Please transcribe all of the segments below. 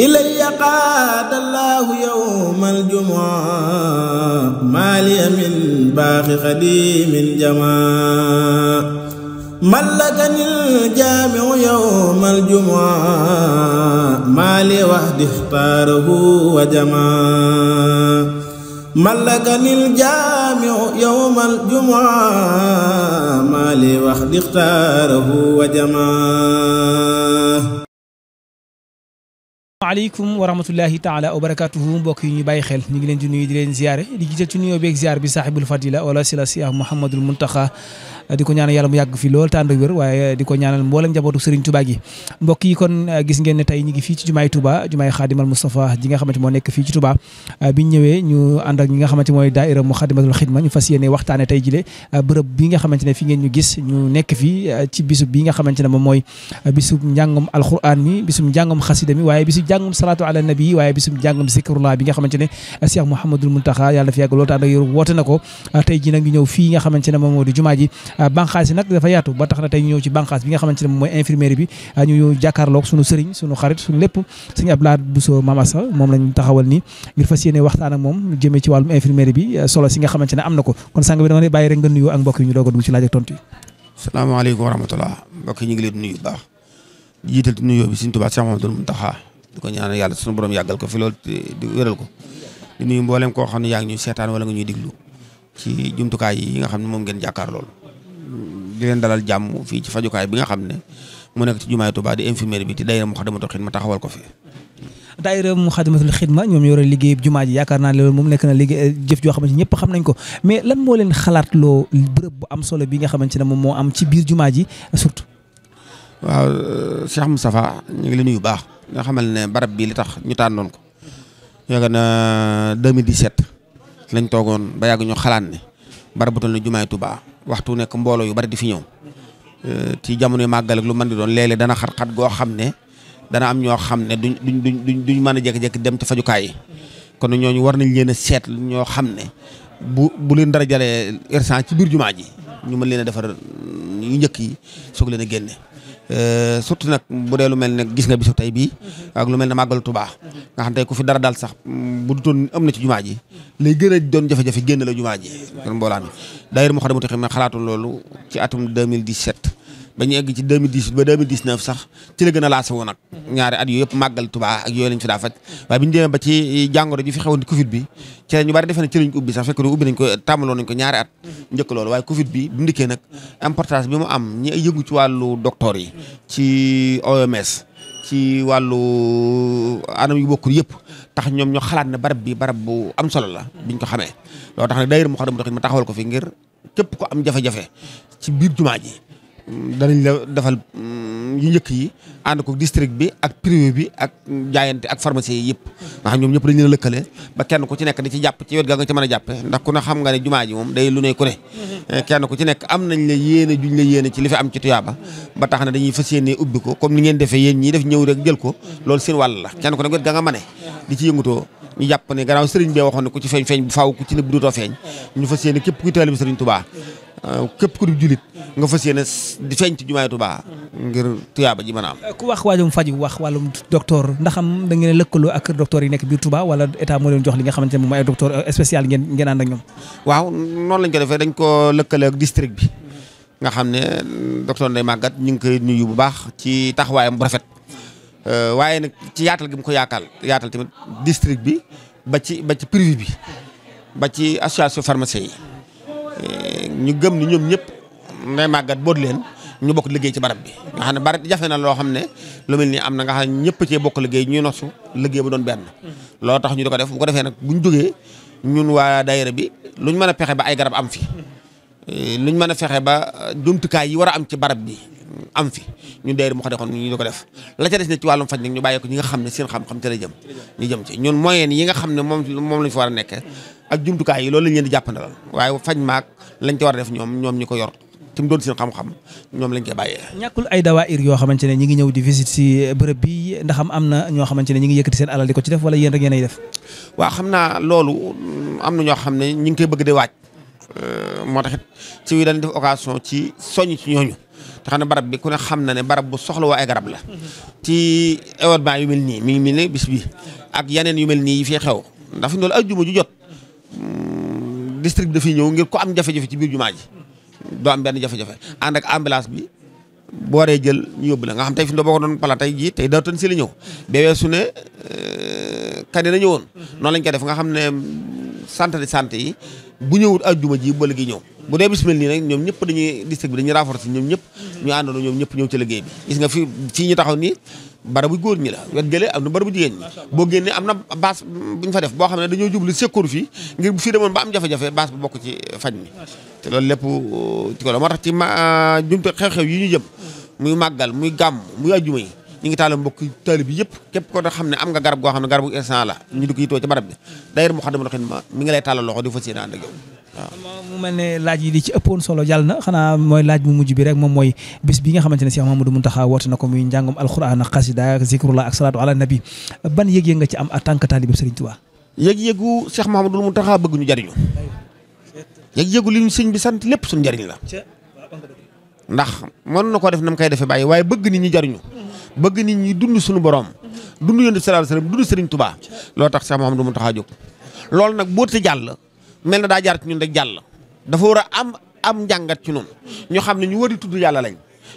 إلي قاد الله يوم الجمعة ما لي من باخ خديم الجماعة ملكني الجامع يوم الجمعة ما لي وحد اختاره وجماعة ملكني الجامع يوم الجمعة ما لي وحد اختاره وجماعة عليكم ورحمة الله تعالى وبركاته بوكي ني باي خيل نيغي لين دي نوي دي لين زياره دي جيتو نيو بيك زيار بي صاحب الفضيله ولا سلاسي محمد المنتخى di ko ñaanal yàlla mu yàgg fi lool te ànd ak waaye di ko ñaanal mboolem njabootu Serigne Touba gi mbokk yi kon euh, gis ngeen ne tey ñi ngi fii ci jumaay Touba jumaay Xaadimal Moustapha ji nga xamante moo nekk fii ci Touba euh, biñ ñëwee ñu ak ñi nga xamante mooy daaira mu Xaadimatul Xidma ñu fas yéene waxtaane tey jile euh, bërëb bi nga xamante ne fi ngeen ñu gis ñu nekk fii ci bisub bi nga xamante ne moom mooy bisub njàngum alquran mi bisub njàngum xasida mi waaye bisub njàngum salaatu ala nabi waaye bisub njàngum zikrullah bi nga xamante ne Cheikh Mouhamadoul Mountakha yàlla fi yàgg lool te ànd ak woote na ko tey ji nag ñu ñëw fii nga xamante ne moom moo di jumaa ji Euh, bankhas yi nak dafa yaatu ba taxna tay tey ñëw ci bankhas bi nga xamanteni moy mooy infirmerie bi euh, ñu jakarlok sunu sëriñ sunu xarit sunu lepp sëriñ Abdoulaye Bousso Mamassa mom lañu taxawal ni ngir fasiyene waxtaan ak moom jëme ci walum infirmerie bi euh, solo si nga xamanteni amna ko kon sang bi dama lay baye rek nga nuyu ak mbokk yi ñu doog a ci laaj ak tontu assalamu alaykum wa rahmatullah mbokk yi ñu ngi leen nuyu baax jiital ci nuyoo bi sëriñ touba Cheikh Mamadou muntaha diko ñaanal yàlla borom yagal ko fi lol di wëral ko di nuyu mboolem ko xamni ne ñu sétane wala nga ñuy diglu ci jumtukaay yi nga xamni mom ngeen jakar di leen dalal jàmm fii ci fajukaay bi nga xam ne mu nekk ci jumaay Tuubaa di infirmière bi te daayira Muxaddamatul Xidma taxawal ko fi. daayira Muxaddamatul Xidma ñoom yore liggéey jumaa ji yaakaar naa ne loolu moom nekk na liggéey eh, jëf joo xamante ñëpp xam nañ ko mais lan moo leen xalaat loo bërëb bu am solo bi nga xamante ne moom moo am ci biir jumaa ji surtout. waaw eh, Cheikh Moustapha ñu ngi leen nuyu baax nga xamal ne barab bi li tax ñu tànnoon ko yaakaar na 2017 eh, lañ toogoon ba yàgg ñu xalaat ne bu barabu na jumaa jumaay Tuubaa waxtu nekk mboolooyu bari di fi ñëw euh, ci jamonoy màggal ak lu mën di doon léeg dana xat-xat goo xam ne dana am ñoo xam ne duñ duñ duñ duñ mën a jékki-jékki dem ci fajukaay yi kon ñooñu war nañ leen a seet ñoo xam ne bu bu leen dara jalee irsan ci biir jumaa ji ñu mën leen a defar yu njëkk yi soog leen a génne Euh, surtout nag bu dee lu mel ne gis nga bisu tey bii ak lu mel ne màggal Tuubaa nga xam tey ku fi dara daal sax bu dutoon am na ci jumaa ji lay gën doon jafe-jafe génn la jumaa ji kon mboolaa mi daayira Moukhaddamatoul Khidma xalaatu loolu ci atum 2017 ba ñu egg ci 2018 ba 2019 sax ci la gën a laasawoo nag ñaari at yooyu yëpp màggal Tuubaa ak yooyu lañ fi daa faj waaye bi ñu demee ba ci eh, jàngoro ji fi xewoon Covid bi ci la ñu bari defe ne ci lañ ko ubbi sax fekk na ubbi nañ ko tàmmaloo nañ ko ñaari at njëkk loolu waaye Covid bi bi mu dikkee nag importance bi mu am ñi yëngu ci wàllu docteur yi ci OMS ci wàllu anam yu bokkul yëpp tax ñoom ñoo xalaat ne barab bi barab bu am solo la biñ ko xamee loolu tax ne daayira mu xadam doxin ma taxawal ko fi ngir képp ko am jafe-jafe ci biir jumaa danañ la defal mm, yu njëkk yi ànd ko district bi ak privé bi ak jaayante ak pharmacie yi yëpp nga xam ñoom ñëpp dañu leen lëkkale ba kenn ku ci nekk di ci jàpp ci wet ga nga ci mën a jàppe ndax ku ne xam nga ne jumaa ji moom day lu ne ku ne mm-hmm. kenn ku ci nekk am nañ la yéene juñ la yéene ci li fi am ci tuyaaba ba tax na dañuy fas yéene ubbi ko comme ni ngeen defee yéen ñii def ñëw rek jël ko loolu seen wàll la kenn ku ne wet ga nga mane di ci yëngutoo ñu jàpp ne gannaaw sëriñ bee waxoon ne képp ku di julit nga fas yéene di feeñ ci jumaay Tuubaa ngir tuyaaba ji mën a am. Eh, ku wax wàllum faju wax wàllum docteur ndax am da ngeen lëkkaloo ak docteur yi nekk biir tubaa wala état moo leen jox li nga ne moom ay docteur eh, spécial ngeen ngeen waaw noonu lañ ko defee dañ ko lëkkale ak bi nga xam ne docteur Ndeye Maguette ñu ngi koy nuyu bu baax ci taxawaayam bu rafet eh, waaye nag ci yaatal gi mu ko yaakaar yaatal tamit district bi ba ci ba ci privé bi ba ci association pharmacien yi. ñu gëm ni ñoom ñëpp nday màggat boot leen ñu bokk liggéey ci barab bi nga xam ne bari jafe na loo xam ne lu mel ni am na nga xam ne ñëpp cee bokk liggéey ñuy nosu liggéey bu doon benn loolu tax ñu di ko def bu ko defee nag buñ jógee ñun waa daayira bi luñ mën a pexe ba ay garab am fi eh, luñ mën a fexe ba jumtukaay yi war a am ci barab bi am fi ñun daayira mu xadexoon ñu ko def des ne ci wàllum faj nag ñu bàyyi ko ñi nga xam ne seen xam-xam ca la jëm ñu jëm ci ñun moyen yi nga xam ne moom moom lañ fa war a nekkee ak jumtukaay yi loolu lañ leen di jàppandalal waaye faj maag lañ ca a def ñoom ñoom ñi ko yor te seen xam ñoom lañ koy bàyyee ñàkkul ay dawaayir yoo xamante ne ñi ngi ñëw di visite si bi ndax am na ñoo xamante ne ñi ngi yëkkati seen alal di ko ci def wala yéen rek yéen ay xam naa loolu am na ñoo xam ne ñu ngi koy bëgg di waaj moo taxit ci wi dañ def occasion ci soñ ci ñooñu te xam ne barab bi ku ne xam na ne barab bu soxla woo ay garab la ci événement yu mel nii mi ngi bi ak yeneen yu mel nii yi fii xew ndax fi ñu doon ajjuma ju jot mm, district dafiy ñëw ngir ko am jafe-jafe ci biir jumaa ji doo am benn jafe-jafe ànd ak ambulance bi boo waree jël ñu yóbbu la nga xam tey fi ñu ko doon pala tey jii tey daaw tën si la ñëw bee weesu ne euh, kanina ñëwoon mm-hmm. noonu lañ koy def nga xam ne centre de santé yi bu ñëwut ajjuma ji ba léegi ñëw bu dee bismil nii nag ñoom ñëpp dañuy district bi dañuy renforcer ñoom ñëpp ñu àndoon ñoom ñëpp ñëw ci liggéey bi gis nga fi ci ñu taxaw nii bara bu góor ñi la wet gële am na bara bu jigéen ñi boo génnee am na baas bu ñu fa def boo xam ne dañoo jublu secours fii ngir bu fii demoon ba am jafe-jafe baas bu bokk ci fañ mi te loolu lépp euh, ci ko la ci ma euh, jumte xew-xew yi ñu jëm mm. muy màggal muy gàmm muy ajjuma yi ñi ngi taalal mbokk talib yépp képp ko da xamné am nga garab go xamné ne garabu instant la ñi du ko ci barab bi d'ailleurs mu xadama ma mi ngi lay talal loxo du fas yéene yow mu melni laaj yi di ci ëppoon solo jàll na xanaa laaj bu mujj bi rek mom moy bis bi nga xamante Cheikh Mamadou muntaha wote na muy jangum alquran qasida zikrullah ak salatu ala nabi ban yëg-yëg nga ci am en talib Serigne Touba yëg yegu Cheikh Mamadou muntaha bëgg ñu jariñu yëg yegu liñu ñu bi sant lepp suñu jariñ la ndax mon na def nam kay def baye waye bëgg ni ñu jariñu bëgg nit ñi dund suñu borom dund yonent bi sallallahu alayhi wasallam dund Serigne Touba loo tax Cheikh Mouhamadou Mountakha jóg loolu nag boo te jàll mel na daa jaar ci ñun rek jàll dafa war a am am njàngat ci noonu ñu xam ne ñu war di tudd yàlla lañ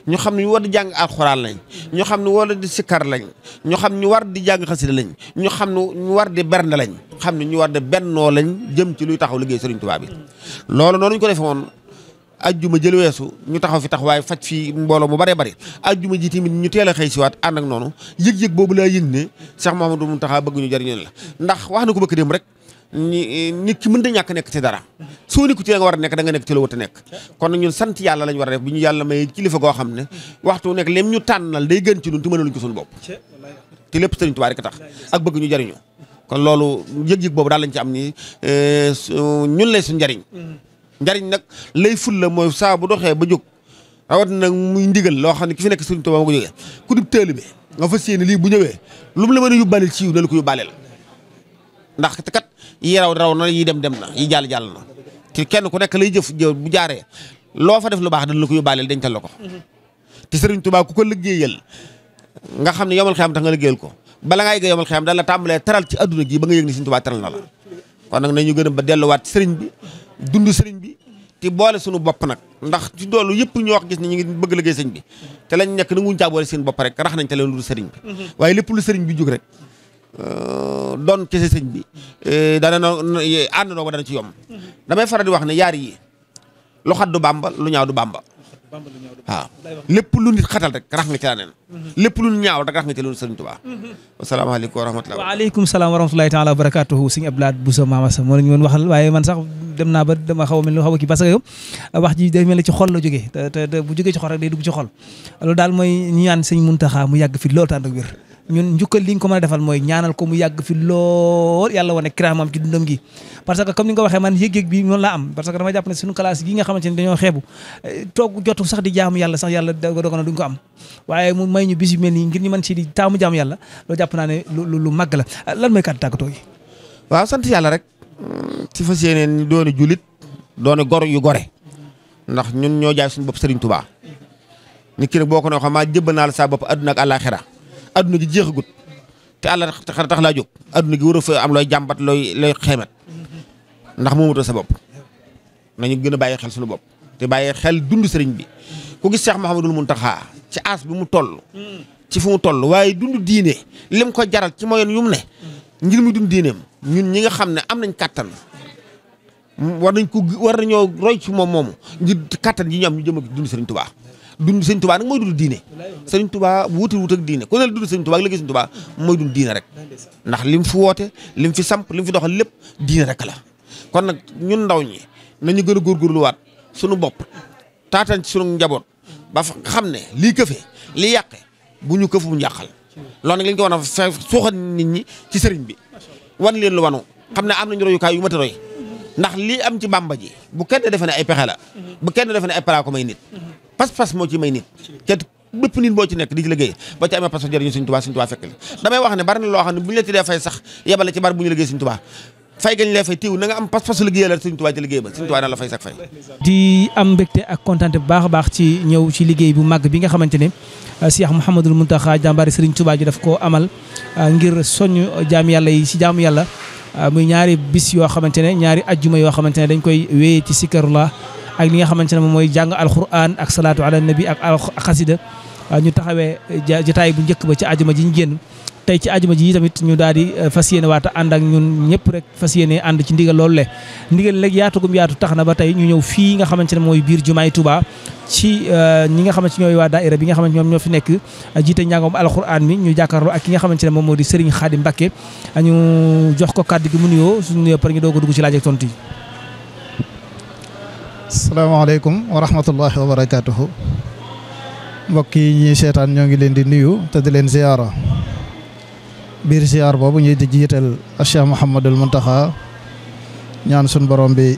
ñu xam ne ñu war di jàng alxuraan lañ ñu xam ne war di sikkar lañ ñu xam ñu war di jàng xasida lañ ñu xam ne ñu war di bernde lañ xam ne ñu war di bennoo lañ jëm ci luy taxaw liggéey Serigne Touba bi loolu noonu ñu ko defee woon ajjuma jël weesu ñu taxaw fi tax waaye faj fi mbooloo mu baree bari ajjuma ji tamit ñu teel a xëy siwaat ànd ak noonu yëg-yëg boobu laa yëg ne Cheikh Mouhamadou Mountakha bëgg ñu jariñoon la ndax wax na ko bëgg dem rek ñi nit ki mën da ñàkk nekk ci dara soo ni ku ci war a nekk da ci la wut a nekk kon ñun sant yàlla lañ war a ñu yàlla may kilifa goo xam ne waxtu nekk lem ñu tànnal day gën ci ñun te mënaluñ ko bopp te lépp sëriñ Tuubaa rek tax ak bëgg ñu kon loolu yëg-yëg boobu daal lañ ci am ni eh, ñun lay suñ njariñ njariñ nag lay ful la mooy saa bu doxee ba jóg rawat nag mu ndigal loo xam ne ki fi nekk Sëriñ Tuubaa moo ko jógee ku dib taalibe nga fas yéene lii bu ñëwee lu mu la mën yu yóbbaale ci yiw na ko yu la ndax kat yi raw na yi dem dem na yi jàll jàll kenn ku nekk lay jëf jëf bu jaaree loo fa def lu baax dana la ko yóbbaale dencal la ko te Sëriñ ku ko liggéeyal nga xam ne yomal xiyam tax nga liggéeyal ko bala ngaa yëg yomal xiyam dala tàmbalee taral ci adduna gi ba nga yëg ni Sëriñ Tuubaa taral na la kon nag nañu gën a ba delluwaat sëriñ bi dund sëriñ bi te boole sunu bopp nag ndax ci doolu yëpp ñu wax gis ni ñu ngi bëgg liggéey sëñ bi te lañ nekk nanguñ caa boole seen bopp rek rax nañ te leen lu sëriñ bi mhm. waaye lépp lu sëriñ bi jóg rek euh, doon kese sëñ bi euh, dana no ànd noo ko dana ci yomb mhm. damay faral di wax ne yaar yi lu xat du bàmba lu ñaadu du bàmba waaw lépp lu nit xatal rek rax nga ci mhm. lépp lu ñaaw rek rax nga ci mhm. wa salaam wa rahmatulahi taala wa barakatuhu sëñ Abdou Lahad Bousso Mama Sa moo ñu waxal waaye man sax dem naa ba dama xaw a mel ni xaw a kii parce que yow wax ji day mel ni ci xol la jógee te te bu jógee ci xol rek day dugg ci xol loolu daal mooy ñaan mu yàgg fi loolu tànd ak wér ñun njukkal li ñu ko mën a defal mooy ñaanal ko mu yàgg fi lool yàlla wane kiraamam ci dundam gi parce que comme ni nga waxee man yëg-yëg bi noonu laa am parce que dama jàpp ne suñu classe yi nga xamante eh, yàlla sax yàlla dogal na duñ ko am waaye mu may ñu bis yu mel nii ngir ñu mën si di taamu jàpp naa lu lu la ah, lan mooy kàddu tàggatoo yi waaw sant yàlla rek mm, ci fas yéeneen doone julit doone gor yu gore ndax ñun ñoo jaay suñu bopp Serigne Touba nit ki nag boo ko ne xam maa jëbb naa sa bopp àdduna ak adduna gi jeexagut te àlla tax laa jóg adduna gi war am looy jàmbat looy looy xeebat ndax moomuta sa bopp nañu gën a bàyyi xel suñu bopp te bàyyi xel dund sëriñ bi ku gis Cheikh Mouhamadul Mountakha ci as bi mu toll ci fu mu toll waaye dund diine lim ko jaral ci moyen yu mu ne ngir mu dund diineem ñun ñi nga xam ne am nañ kàttan war nañ ko war nañoo roy ci moom moomu ngir kàttan yi ñu am ñu jëm ak dund sëriñ Tuubaa dund sëñ tubaa nag mooy dund diine sëñ tubaa wuti wut ak diine ku ne dund sëñ tubaa ak liggéey sëñ tubaa mooy dund diine rek ndax lim fi woote lim fi samp lim fi doxal lépp diine rek la kon nag ñun ndaw ñi nañu gën a góorgóorluwaat sunu bopp taataan ci suñu njaboot ba xam ne lii këfe li yàqe bu ñu këf bu ñu yàqal loolu nag li ñu ko war a suuxal nit ñi ci sëriñ bi wan leen lu wanu xam ne am nañu royukaay yu mat a roy ndax lii am ci bàmba ji bu kenn defe ne ay pexe la bu kenn defe ne ay para ko may nit pas-pas moo ci may nit te bépp nit boo ci nekk di ci liggéey ba ci amee pas-pas jëriñu Sëñ Tuubaa Sëñ fekk ne bari na loo ne bu ñu la ci dee fay la fay sax fay di am mbégte ak kontaan baax a baax ci ñëw ci liggéey bu màgg bi nga xamante ne ah, Cheikh Mouhamadoul Mountakha jàmbaari Sëriñ Tuubaa ji daf koo amal ah, ngir soññ jaam yàlla yi ci jaamu yàlla Euh, muy ñaari bis yoo xamante ne ñaari ajjuma yoo xamante ne dañ koy wéyee ci sikkarullah ak li nga xamante ne moom mooy jàng alquran ak salaatu ala nabi ak xasida euh, ñu taxawee euh, jataay bu njëkk ba ci ajuma ji ñu génn tey ci ajuma ji tamit ñu daal di fas yéene waata ànd ñun ñëpp rek fas yéene ànd ci ndigal loolu le ndigal léegi yaatugum yaatu tax na ba tey ñu ñëw fii nga xamante ne mooy biir jumaay tubaa ci euh, ñi nga xamanteni ñoy wa daaira bi nga xamanteni ñom ñofi nek jité jiite njàngoom mi ñu jàkkaarloo ak nga xamanteni mom modi Serigne Khadim Mbacké ñu jox ko kaddu gi mu nuyo suñu nuyoo par ñu dogu dug ci laaj ak tontu yi. salaamaaleykum wa rahmatullahi wa barakatuh mbokk yi ñuy seetaan leen di nuyu te di leen ziyara bir ziyar bobu ñuy di jiital Cheikh mohammedul muntaha ñaan sun borom bi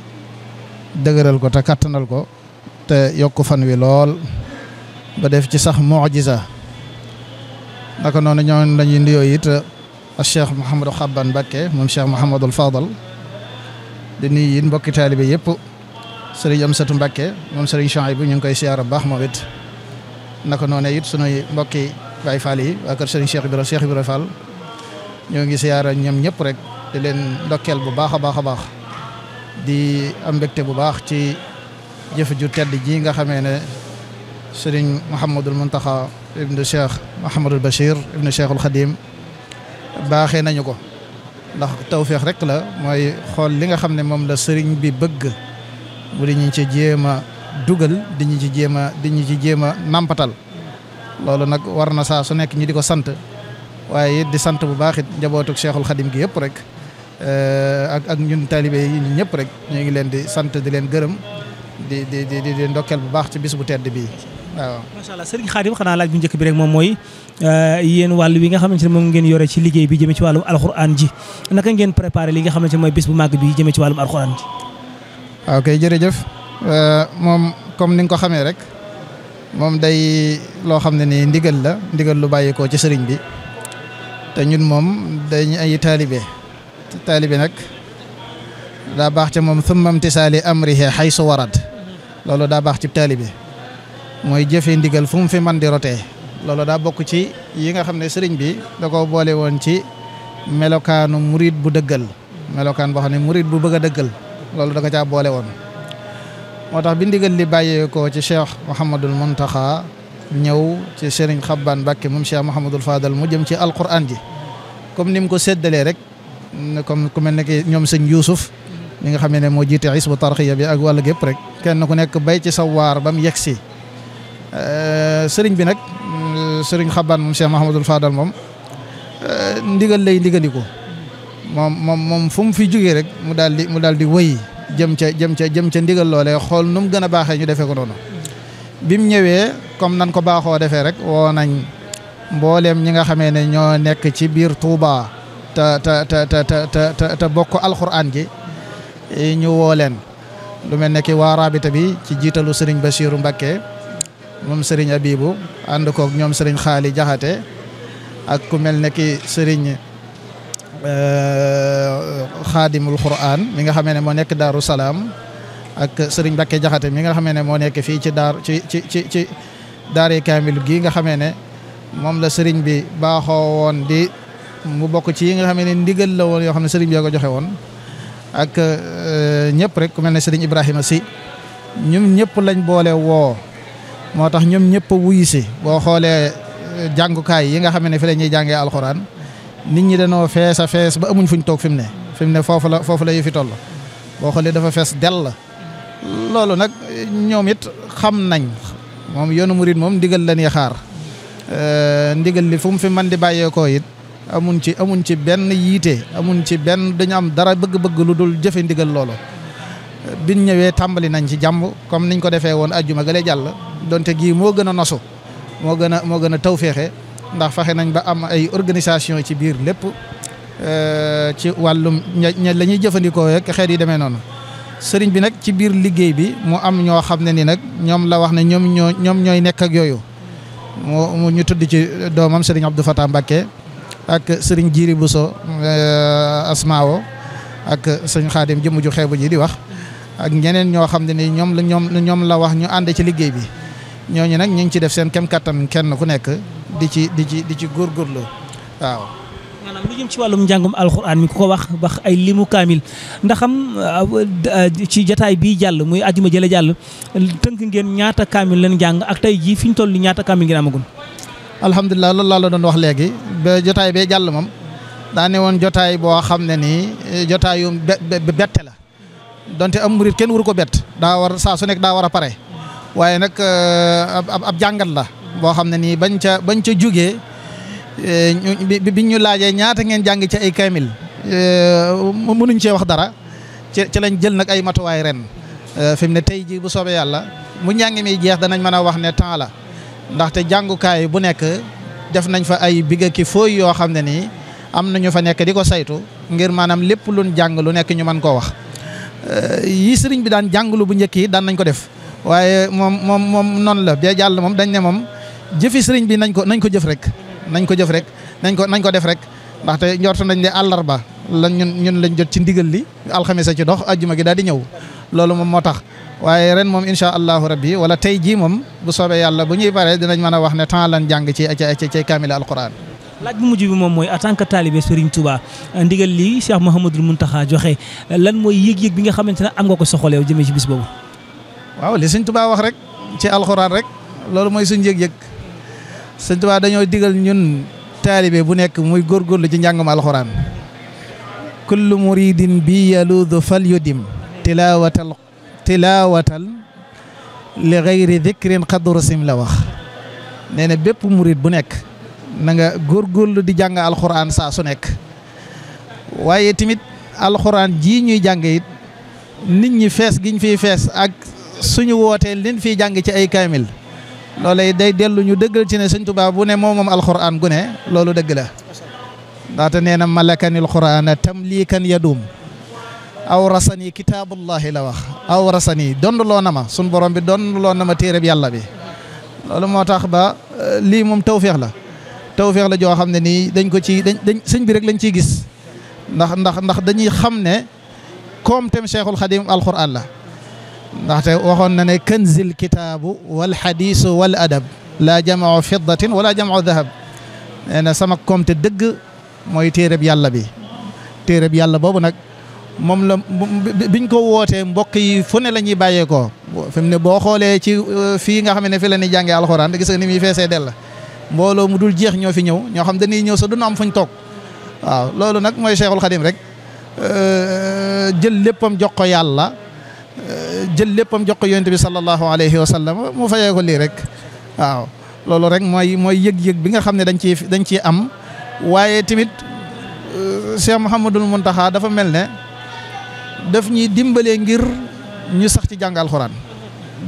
degeural ko ta ko. te yokk fan wi lool ba def ci sax mujiza naka noonu ñoom lañuy nuyoo it ak cheikh Mouhamadou Xabban Mbakke moom cheikh Mouhamadul Fadal di nuyu it mbokki taalibe yëpp sëriñ Amsatu Mbakke moom sëriñ Chouaib bi ñu ngi koy siyaara bu baax moom it. naka noonu it sunuy mbokki Baay Faal yi waa kër Cheikh Ibrahima Cheikh Ibrahima Fall ñoo ngi siyaara ñoom ñëpp rek di leen ndokkeel bu baax a baax di am mbégte bu baax ci. jëf ju tedd ji nga xamee ne sëriñ Mouhamadul Muntaxa ibnu Cheikh Mouhamadul Bachir ibnu Cheikhul Xadim baaxee nañu ko ndax tawféex rek la mooy xool li nga xam ne moom la sëriñ bi bëgg mu di ñu ci jéem a dugal di ñu ci jéem a di ñu jéem a nàmpatal loolu nag war na saa su nekk ñu di ko sant waaye it di sant bu baax it njabootuk Cheikhul Xadim gi yëpp rek ak ak ñun taalibe yi ñun ñëpp rek ñu ngi leen di sant di leen gërëm. di di di di ndokkeel bu baax ci bis bu tedd bii waaw. macha allah sëriñ Xaadim xanaa laaj bu njëkk bi rek moom mooy euh, yéen wàll wi nga xamante ne moom ngeen yore ci liggéey bi jëmee ci wàllum alxuraan ji naka ngeen préparé li xamante mooy bis bu màgg bi jëmee ci wàllum alxuraan ji. waaw ah, kay jërëjëf euh, moom comme ni nga ko xamee rek moom day loo xam ne ni ndigal la ndigal lu bàyyeekoo ci sëriñ bi te ñun moom dañu ay taalibe taalibe nag. Da bax ci mom thumma imtisali amrihi haythu warad lolo da bax ci talibi moy jeffe ndigal fum fi man di roté loolu da bokk ci yi nga xamné serigne bi da ko bolé won ci melokanu murid bu deugal melokan bo xamné murid bu bëgg deugal lolo da nga ca bolé won motax bi ndigal li ko ci cheikh mohammedul Mountakha ñew ci serigne khabban Mbàkke mum cheikh mohammedul Fadal mu jëm ci alquran ji comme nim ko séddalee rek comme ku melni ñom serigne yusuf mi nga xamé né mo jité isbu tarxiya bi ak wàll gépp rek kenn ku nek bay ci sa war bam mu euh serigne bi nak mm, serigne khaban moom Cheikh mahamoudou Fadal euh ndigal lay ndigaliko moom mom moom fum fi jugé rek mu daldi mu daldi wey jëm ci jëm ci jëm ci ndigal lolé xol num gëna baxé ñu défé ko bim ñëwé comme nan ko baxo défé rek wo nañ mbooleem ñi nga xamé né ño nek ci bir Touba ta ta ta ta ta ta bokku alxuraan gi ñu woo lu mel ne ki waa bi ci jiitalu sëriñ Bachiru Mbakke moom sëriñ Abibu ànd koog ñoom sëriñ Xaali Jaxate ak ku mel ne ki sëriñ euh, xaadimul Qur'an mi nga xamee ne moo nekk Daaru Salaam ak sëriñ Mbakke Jaxate mi nga xamee ne moo nekk fii ci daar ci ci ci ci daare kaamil gii nga xamee ne moom la sëriñ bi baaxoo woon di mu bokk ci yi nga xam ne ndigal la woon yoo xam ne sëriñ bi ko joxe woon ak eh, ñëpp rek ku melni serigne Ibrahima si ñum ñëpp lañ boole wo motax ñum ñoom ñëpp a wuyu si boo xoolee eh, yi nga xam fi lañuy jangé alcorane nit ñi dañoo fess a fess ba amuñ fuñ tok fi mu ne ne la fofu la yëfi toll bo dafa fess del lolu nak ñom it xam nañ mom yoonu mourid mom ndigal xaar eh, ndigal li fu mu fi man di ko it amuñ ci amuñ ci benn yiite amuñ ci benn dañu am dara bëgg-bëgg lu dul jëfe ndigal loolu biñ ñëwee tàmbali nañ ci jàmm comme niñ ko defee woon ajjuma gële jàll donte gii moo gën a nosu moo gën a moo gën a tawféexe ndax fexe nañ ba am ay organisation ci biir lépp euh, ci wàllum ña la ñuy jëfandikoo rek xeet yi demee noonu sëriñ bi nag ci biir liggéey bi mu am ñoo xam ne nii nag ñoom la wax ne ñoom ñoom ñooy nekk ak yooyu mu ñu tudd ci doomam sëriñ Abdou Fatah Mbacké ak sëriñ Jiiri Bousso euh, Asmaawo ak sëñ Xaadim jëmm ju xeebu ji di wax ak ñeneen ñoo xam ne ni ñoom la ñoom ñoom la wax ñu ànd ci liggéey bi ñooñu nag ñu ngi ci def seen kem kattan kenn ku nekk di ci di ci di ci góorgóorlu waaw. maanaam ci wàllum njàngum alxuraan mi ku ko wax wax ay limu kaamil ndax am euh, ci jataay bi jàll muy àjjuma jële jàll tënk ngeen ñaata kaamil leen jàng ak tey jii fi ñu toll nii ñaata kaamil ngeen amagum. alhamdulilah loolu laalo doon wax léegi ba jotaay bee jàll moom daa ne woon jotaay boo xam ne nii eh, jotaay yu bette la donte am murit kenn waru ko bett daa war saa su nekk daa war a pare waaye nag eh, ab jàngat la boo xam ne nii bañ ca bañ ca jugee eh, bi ñu laajee ñaata ngeen jàng ci ay kaamil mënuñ cee wax dara ci lañ jël nag ay matuwaay ren fi mu ne tey jii bu soobee yàlla mu njàng mi jeex danañ mën a wax ne temps la ndaxte jàngukaay bu nekk def nañ fa ay biga ki fooy yoo xam ne nii am na ñu fa nekk di ko saytu ngir maanaam lépp luñ jàng lu nekk ñu mën ko wax euh, yi sëriñ bi daan jàngalu bu njëkk yi daan nañ ko def waaye moom moom moom noonu la bee jàll moom dañ ne moom jëfi sëriñ bi nañ ko nañ ko jëf rek nañ ko jëf rek nañ ko nañ ko def rek ndaxte njort nañ ne àllarba la ñun ñun lañ jot ci ndigal li alxames a ci dox ajjuma gi daal di ñëw loolu moom moo tax waaye ren moom incha allahu rabbi wala tey jii moom bu soobee yàlla bu ñuy paree dinañ mën a wax ne temps lan jàng ci ci ci kaamila alquran. laaj bu mujj bi moom mooy en tant que taalibe Serigne Touba ndigal lii Cheikh Mouhamadul Mountakha joxe lan mooy yëg-yëg bi nga xamante ne am nga ko soxalew jëmee ci bis boobu. waaw li Serigne Touba wax rek ci alxuraan rek loolu mooy suñu yëg-yëg Serigne Touba dañoo digal ñun taalibe bu nekk muy góorgóorlu ci njàngum alxuraan. kullu muridin bi yaluudu fal tilaawatan li gayri dikrin xadru la wax nee na bépp murit bu nekk nanga nga góorgóorlu di jàng alxuraan saa su nekk waaye tamit alxuraan ji ñuy jàng it nit ñi fees giñ fiy fees ak suñu wootee liñ fiy jàng ci ay kaamil loolay day dellu ñu dëggal ci ne sëñ Tuubaa bu ne moom moom alxuraan gu ne loolu dëgg la ndaxte nee na malakanil xuraana tamliikan yadum awrasani kitaabullahi la wax awrasani donduloo na ma sun borom bi donduloo na ma téereb yàlla bi loolu moo tax ba lii moom tawféex la tawféex la joo xam ne nii dañ ko ci sëñ bi rek lañ ciy gis ndax ndax ndax dañuy xam ne tem cheikhul xadim alquran la ndaxte waxoon na ne kanzil kitaabu wal xadiisu wal adab laa jamao fiddatin wala jamao dahab nee na sama koom te dëgg mooy téereb yàlla bi téereb yàlla boobu nag moom la biñ ko wootee mbokk yi fu la ñuy bàyyeekoo fi ne boo xoolee ci euh, fii nga xam ne fi la ñuy jàngee alxuraan gis ni muy feesee dell mu dul jeex ñoo fi ñëw ñoo xam dañuy ñëw sa du na am fuñ toog waaw loolu nag mooy Cheikhul Khadim rek euh, jël jox ko yàlla euh, jël léppam jox ko yonent bi sallallahu alayhi wa sallam mu fayee rek loolu rek mooy mooy yëg-yëg bi nga xam ne dañ ciy dañ ciy am waaye tamit Cheikh Mouhamadul Mountakha dafa mel ne. daf ñuy dimbale ngir ñu sax ci jàng alxuraan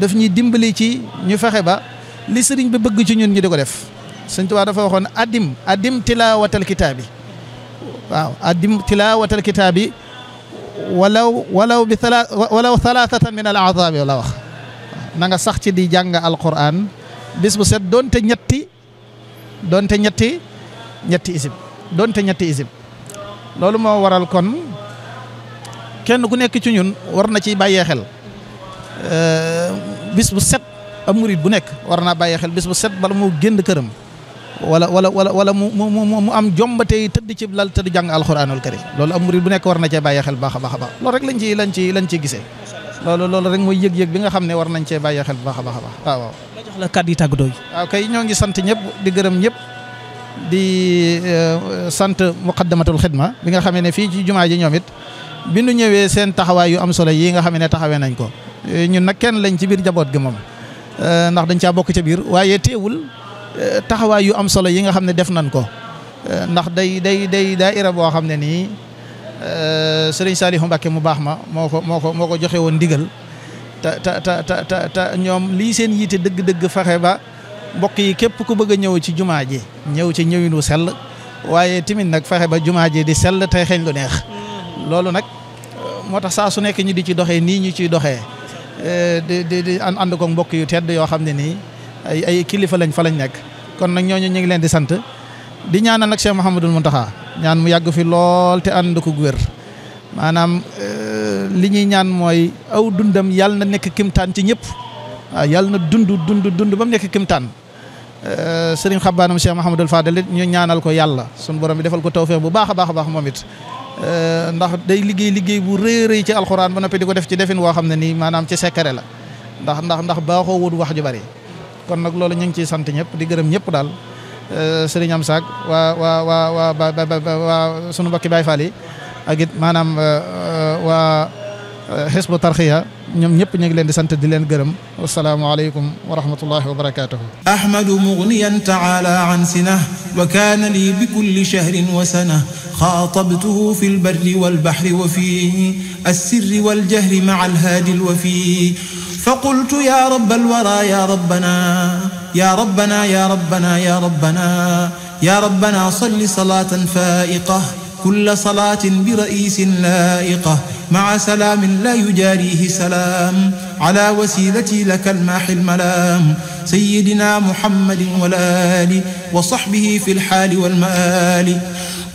daf ñuy dimbale ci ñu fexe ba li sëriñ bi bëgg ci ñun ñu di ko def sëñ Tuubaa dafa waxoon addim addim tilaawatal kitaabi waaw addim tilaawatal kitaabi walaw walaw bi thalaa walaw thalathatan min al azabi la wax na nga sax ci di jàng alxuraan bis bu set doonte ñetti doonte ñetti ñetti isib doonte ñetti isib loolu moo waral kon kenn ku nekk ci ñun war na ciy bàyyee xel bis bu set ab murit bu nekk war naa bàyyee xel bis bu set bala mu génn këram wala wala wala wala mu mu mu am jombate yi tëdd ci lal te du jàng alxuraanul karim loolu a murit bu nekk war na cee bàyyee xel baax a baax a baax rek lañ ci lañ ci lañ ciy gisee loolu rek mooy yëg-yëg bi nga xam ne war nañ cee bàyyee xel baax a baax a baax waaw waaw. nga jox la kàddu yi tàggatoo yi. waaw kay ñoo ngi sant ñëpp di gërëm ñëpp di sant muqaddamatul xidma bi nga xamee ne fii ci jumaa ji ñoom bi nu ñëwee seen taxawaay yu am solo yi nga xam ne taxawee nañ ko eh, ñun nag kenn lañ ci biir jaboot gi moom eh, ndax dañ caa bokk ca biir waaye teewul eh, taxawaay yu am solo yi nga xam ne def nañ ko ndax day day day daayira boo xam ne nii sëriñ Saliou Mbacké mu baax ma moo ko moo ko moo ko joxe woon ndigal te te te te ñoom li seen yiite dëgg-dëgg fexe ba mbokk yi képp ku bëgg a ñëw ci jumaa ji ñëw ci ñëwinu sel waaye tamit nag fexe ba jumaa ji di sell tey xeeñ lu neex Lolo nak, eh, motax sa su nek ñi di ci ni ñi ci doxé euh di di di and ko mbokk yu tedd yo xamni ni ay ay kilifa lañ fa lañ nek kon nak ñoñu ñi ngi leen di sant di ñaanal nak Cheikh mohammedul muntaha ñaan mu yag fi lol te and ko guer manam eh, li ñi ñaan moy aw dundam yal na nekk kimtaan ci ñëpp waaw ah, na dund dund dund bam sering kimtan kimtaan eh, sëriñ xabaanam Cheikh Mouhamadul Fadel ñu ñaanal ko yàlla sunu bi defal ko bu baax a baax Euh, ndax day liggéey liggéey bu rëy rëy ci alxuraan ba noppi di ko def ci defin woo xam ne nii maanaam ci secret la ndax ndax ndax baaxoo wut wax ju bari kon nag loolu ñu ngi ciy sant ñëpp di gërëm ñëpp daal euh, sëriñ am saak waa waa waa waa waa sunu mbokki Baay Faal yi ak it maanaam euh, waa ñom ñëpp ñi ngi leen di sant di leen gërëm assalamu alaykum wa rahmatullahi wa barakatuh ahmadu mughniyan taala an sina wa kana li bi kulli shahrin wa sana xaatabtuhu fi lbarri walbahri wa fi alsirri waljahri maa alhaadi alwafi فقلت يا رب الورى يا ربنا يا ربنا يا ربنا يا ربنا يا ربنا صل صلاة فائقة كل صلاة برئيس لائقة مع سلام لا يجاريه سلام على وسيلتي لك الماح الملام سيدنا محمد والآل وصحبه في الحال والمآل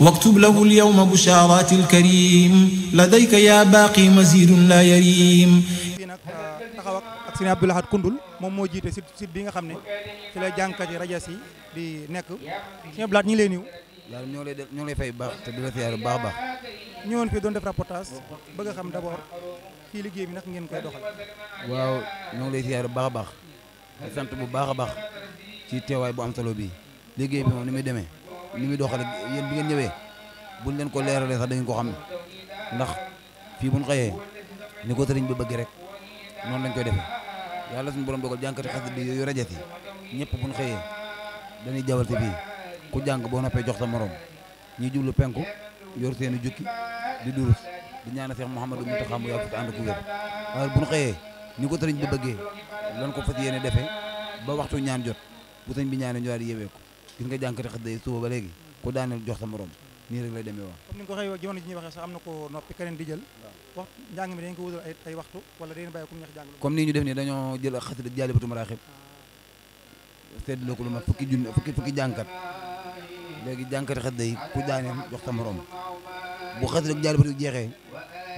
واكتب له اليوم بشارات الكريم لديك يا باقي مزيد لا يريم ak sëñ Abdou Lahad Koundoul moom moo jiite site site bi nga xam ne ci la jànkat yi rajas yi yàlla ñoo lay def ñoo lay fay baax te di la siyaare baax baax. ñëwoon fii doon def reportage bëgg a xam d'abord fii liggéey bi nag ngeen koy doxal. waaw ñoo ngi lay siyaare baax a baax di sant bu baax a baax ci teewaay bu am solo bii léggéey bi moom ni muy demee ni muy doxale yéen bi ngeen ñëwee buñ leen ko leeralee sax dañu ko xam ndax fii buñ xëyee ni ko sëriñ bi bëgg rek noonu lañ koy defee yàlla suñu borom dogal jànkati xas bi yooyu rajo si ñëpp buñ xëyee dañuy jawal si fii. ku jàng boo noppee jox sa moroom ñi jublu penku yor seeni jukki di durus di ñaanal Cheikh Mouhamadou Mountakha mu yàgg fi ànd ku wér waaye bu ñu xëyee ni ko sëriñ bi bëggee lan ko fas yéene defee ba waxtu ñaan jot bu sëñ bi ñaanee ñu daal di yeweeku nga jànkati xasida yi suba ba léegi ku daaneel jox morom nii rek lay demee woon comme ni ñuy waxee sax am na ko noppi keneen di jël wax njàng mi dañ ko wutal ay waxtu wala dañ bàyyi comme ñax jàng comme nii ñu def nii dañoo jël xasida jaalibatu maraaxib seetlu ko lu mat fukki junni fukki fukki léegi jànkati xasida yi ku daaneel jox sa morom bu xasida jaar ba jeexee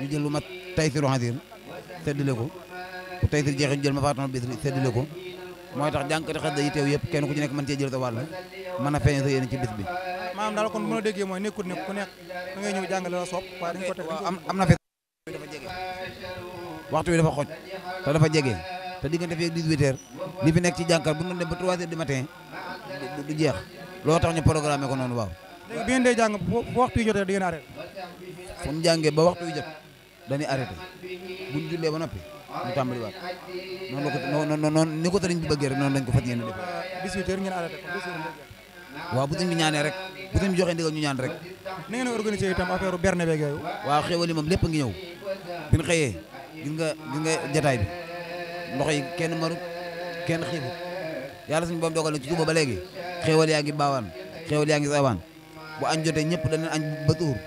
ñu jël lu mat taysiru xadir seddale ko bu taysir jël ma faatama bis seddale ko mooy tax jànkati xasida yi teew yëpp kenn ku ci nekk mën cee jël sa wàll mën a feeñ sa yéene ci bis bi maanaam daal kon bu déggee mooy nekkut ne ku nekk da ngay ñëw jàngale la soob am na fi dafa waxtu wi dafa xoj te dafa jege te diggante fi ak 18 heures fi nekk ci jànkar bu ñu ne ba 3 di du matin du jeex loo tax ñu programme ko noonu waaw. léegi bi ngeen dee jàng bu waxtu yu jotee di ngeen arrêté. fu ñu jàngee ba waxtu yu jot dañuy arrêté bu ñu jullee ba noppi ñu tàmbaliwaat noonu la ni ko sëriñ bi bëggee rek noonu lañ ko fas yéene def. 18h ngeen waaw bu sëriñ bi ñaanee rek bu sëriñ bi joxee ndigal ñu ñaan rek. ni ngeen organisé itam affaire berne beeg yooyu. waaw xéwal yi moom lépp ngi ñëw bi ñu xëyee gis nga gis nga jataay bi ndox yi kenn marut kenn xiifut yàlla suñu boom dogal na ci ba léegi xéewal yaa ngi baawaan xéewal yaa ngi saawaan bu añ jotee ñëpp danañ añ ba tuur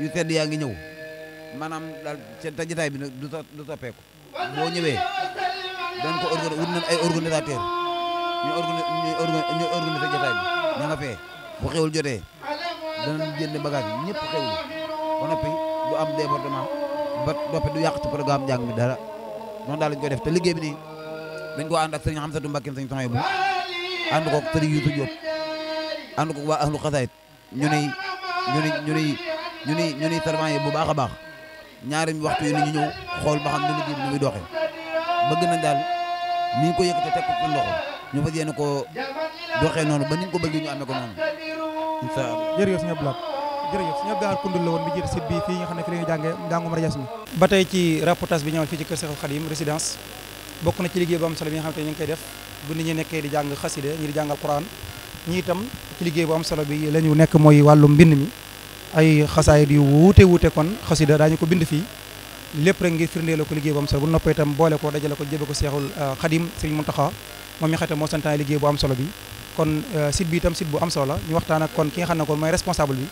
yu tedd yaa ngi ñëw maanaam daal ta jotaay bi nag du du soppeeku boo ñëwee dañ ko organiser wut nañ ay organisateur ñu organiser ñu organiser jotaay bi ña nga fee bu xewul jotee danañ génne bagage yi ñëpp xewul ba noppi du am débordement ba noppi du yàq ci programme njàng mi dara noonu daal lañ koy def te liggéey bi nii dañ ko ànd ak sëriñ Xamsatu Mbàkke sëriñ Soxaybu ànd koog sëriñ Yuusu Jóob ànd koog waa ahlu xasaayit ñu ni ñu ni ñu ni ñu ni ñu ni servant yi bu baax a baax ñaari waxtu yi ni ñu ñëw xool ba xam ni mu jëm ni muy doxee bëgg nañ daal ni ñu ko yëkkate teg ko loxo ñu fas yéene ko doxee noonu ba ni ñu ko bëggee ñu amee ko noonu incha allah jërëjëf sëñ Abdoulaye jërëjëf sëñ Abdoulaye Koundoul la woon bi jiite site bi fii nga xam ne fi la ñu jàngee njàngum rajas mi ba tey ci reportage bi ñëw fii ci kër Cheikhoul Khadim résidence bokk na ci liggéey bu am solo bi nga xam ne ñu ngi koy def bu nit ñi nekkee di jàng xasida ñi di jàngal quran ñi itam ci liggéey bu am solo bi la ñu nekk mooy wàllu mbind mi ay xasaayid yu wuute wute kon xasida daañu ko bind fii lépp rek ngir firndee la ko liggéey bu am solo bu noppee itam boole ko dajale ko jëbe ko seexul euh, xadim sëriñ Muntaxa moom mi xete moo santaane liggéey bu am solo bi kon euh, site bi itam site bu am solo ñu waxtaan ak kon ki nga xam ne kon mooy responsable bi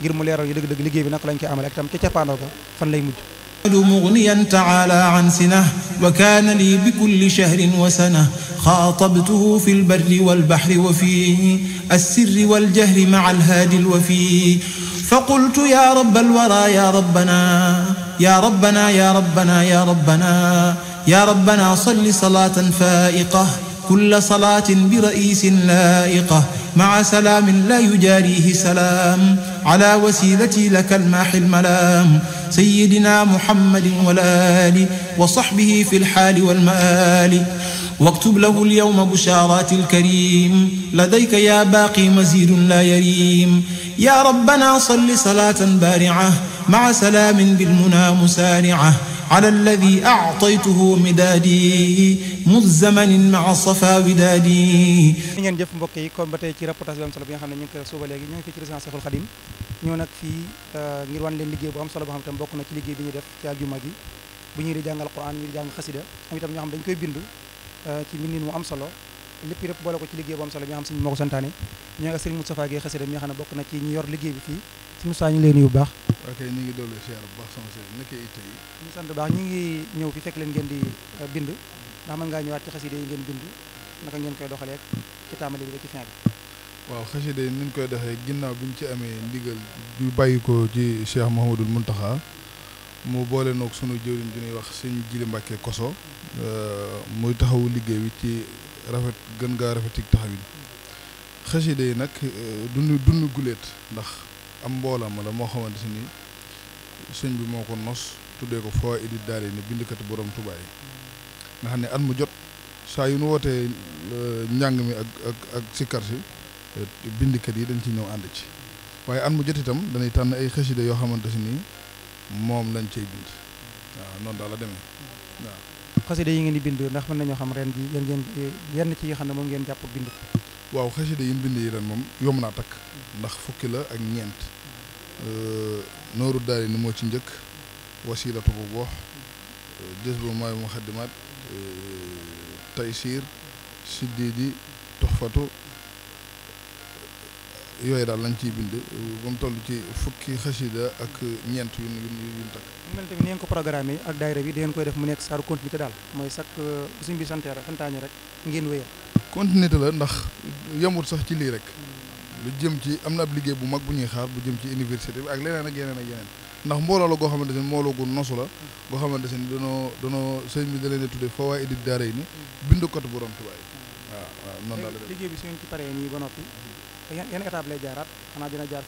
ngir mu leeral ñu dëgg-dëgg liggéey bi naka lañ koy amale ak itam ca cappaandaw ga fan lay mujj مغنيا تعالى عن سنه وكان لي بكل شهر وسنه خاطبته في البر والبحر وفي السر والجهر مع الهادي الوفي فقلت يا رب الورى يا ربنا يا ربنا يا ربنا يا ربنا يا ربنا صل صلاة فائقة كل صلاة برئيس لائقة مع سلام لا يجاريه سلام على وسيلتي لك الماح الملام سيدنا محمد والآل وصحبه في الحال والمآل واكتب له اليوم بشارات الكريم لديك يا باقي مزيد لا يريم يا ربنا صل صلاة بارعة مع سلام بالمنى مسارعه على الذي أعطيته مدادي مذ زمن مع صفا ودادي lépp lépp boole ko ci liggéey bu am solo bi nga xam sëñ moo ko santaane ñu nga sëriñ Moustapha Guèye xasida mi nga xam bokk na ci ñu yor liggéey bi fii sëñ Moustapha ñu ngi lay nuyu bu baax ok ñu ngi dolli siyaar bu baax sama sëriñ naka ñu ngi ñëw fi fekk leen ngeen di euh, bind ndax mën ngaa ñëwaat ci xasida yi ngeen bind naka ngeen koy doxalee ci tàmbali bi ba ci fin bi waaw xasida yi niñ koy doxee ginnaaw bi ñu ci amee ndigal yu bàyyi ko ci Cheikh mun Mountakha mu boole noog sunu jëwriñ ju ñuy wax sëñ Jili Mbàkke Koso euh, muy taxawu liggéey bi ci rafet gën gaa rafetik taxawin xasida yi nag dund eh, dund guleet ndax am mbooloo ma moo xamante si ni sëñ bi moo ko nos tuddee ko foo idi daal yi ni bindkati borom Tuubaa yi nga xam ne at mu jot saa yu nu wootee eh, njàng mi ak ak ak sikkar si eh, bindkat yi dañ ci ñëw ànd ci waaye at mu jot itam danay tànn ay xasida yoo xamante si nii moom lañ cay bind waaw noonu daal la demee waaw xasida yi ngeen di bind ndax mën nañoo xam ren ji yéen ngeen moom ngeen naa takk ndax fukki la ak ñeent euh, ci njëkk wasilatu bu boox jës bu mooy muxaddimaat euh, toxfatu yooyu daal lañ ciy bind ba mu toll ci fukki xasida ak ñeent yu yu yu takk. mu mel tamit ni ngeen ko programme ak daayira bi dangeen koy def mu nekk saaru continuité daal mooy sax euh, suñ bi santee rek fantaañi rek ngeen wéyal. continuité la ndax yemut sax ci lii rek. lu jëm ci am na ab liggéey bu mag bu ñuy xaar bu jëm ci université bi ak leneen ak yeneen ak yeneen ndax mbooloo la goo xamante ne mbooloo gu nosu la. goo xamante ne danoo danoo sëñ bi da leen di tuddee Fawaa'id Daarayni bind kot bu Borom Tuubaa waaw waaw noonu liggéey bi su ngeen ci paree yan étape lay jaaraat xanaa dina jaar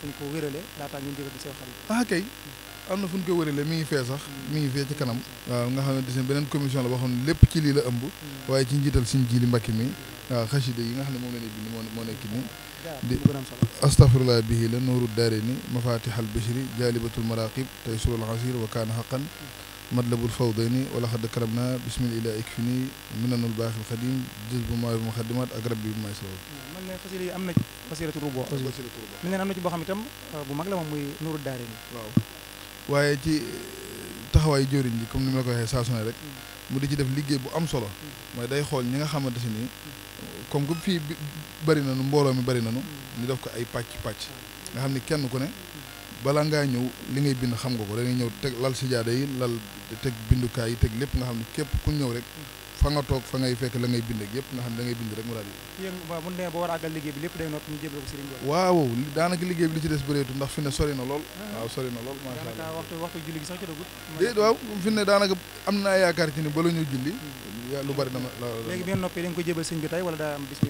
ah kay am na fu ñu ko wërale mi ngi fee sax mi ngi fee ci kanam waaw nga xamante ne beneen commission la boo xam ne lépp ci lii la ëmb hmm. waaye ci njiital suñu jili mbakki mi waaw xasida yi nga xam ne moom la ne bindi moo moo nekk nii di astafirullah bihi la nooru daare ni mafatihal bishri jalibatul maraqib tey surul asir wa xaqan matlabul fawdayni wala xadd karam na bismil ilaa ik fi nii minanul baaxil xadim jës bu mooy bu ma xadimaat ak rab bi bu may sabab man am na fasilatu rubo mi neen am na ci boo xam itam uh, bu mag la moom muy nuru daare ni waaw waaye ci uh, taxawaayu jëwriñ bi comme ni ma la ko waxee saa rek hmm. mu di ci def liggéey bu am solo hmm. mooy day xool ñi nga xamante si nii comme que fii bari nanu mbooloo mi bari nanu hmm. ñu def ko ay pàcc pàcc nga xam ni kenn ku ne balaa ngaa ñëw li ngay bind xam nga ko da ngay ñëw teg lal sijaada yi lal teg bindukaay yi teg lépp nga xam ne képp ku ñëw rek fa nga toog fa ngay fekk la ngay bind ak yëpp nga xam ne da ngay bind a àggal liggéey bi lépp day noppi ñu daanaka ci des bëreetu ndax fi ne sori na lool ah. waaw sori na lool macha allah waxtu waxtu julli gi sax ci dugg déet waaw fi ne daanaka am naa yaakaar ci ni bala ñu julli lu bari dama léegi bi noppee dañ ko jébal sëñ bi tey wala daa am bis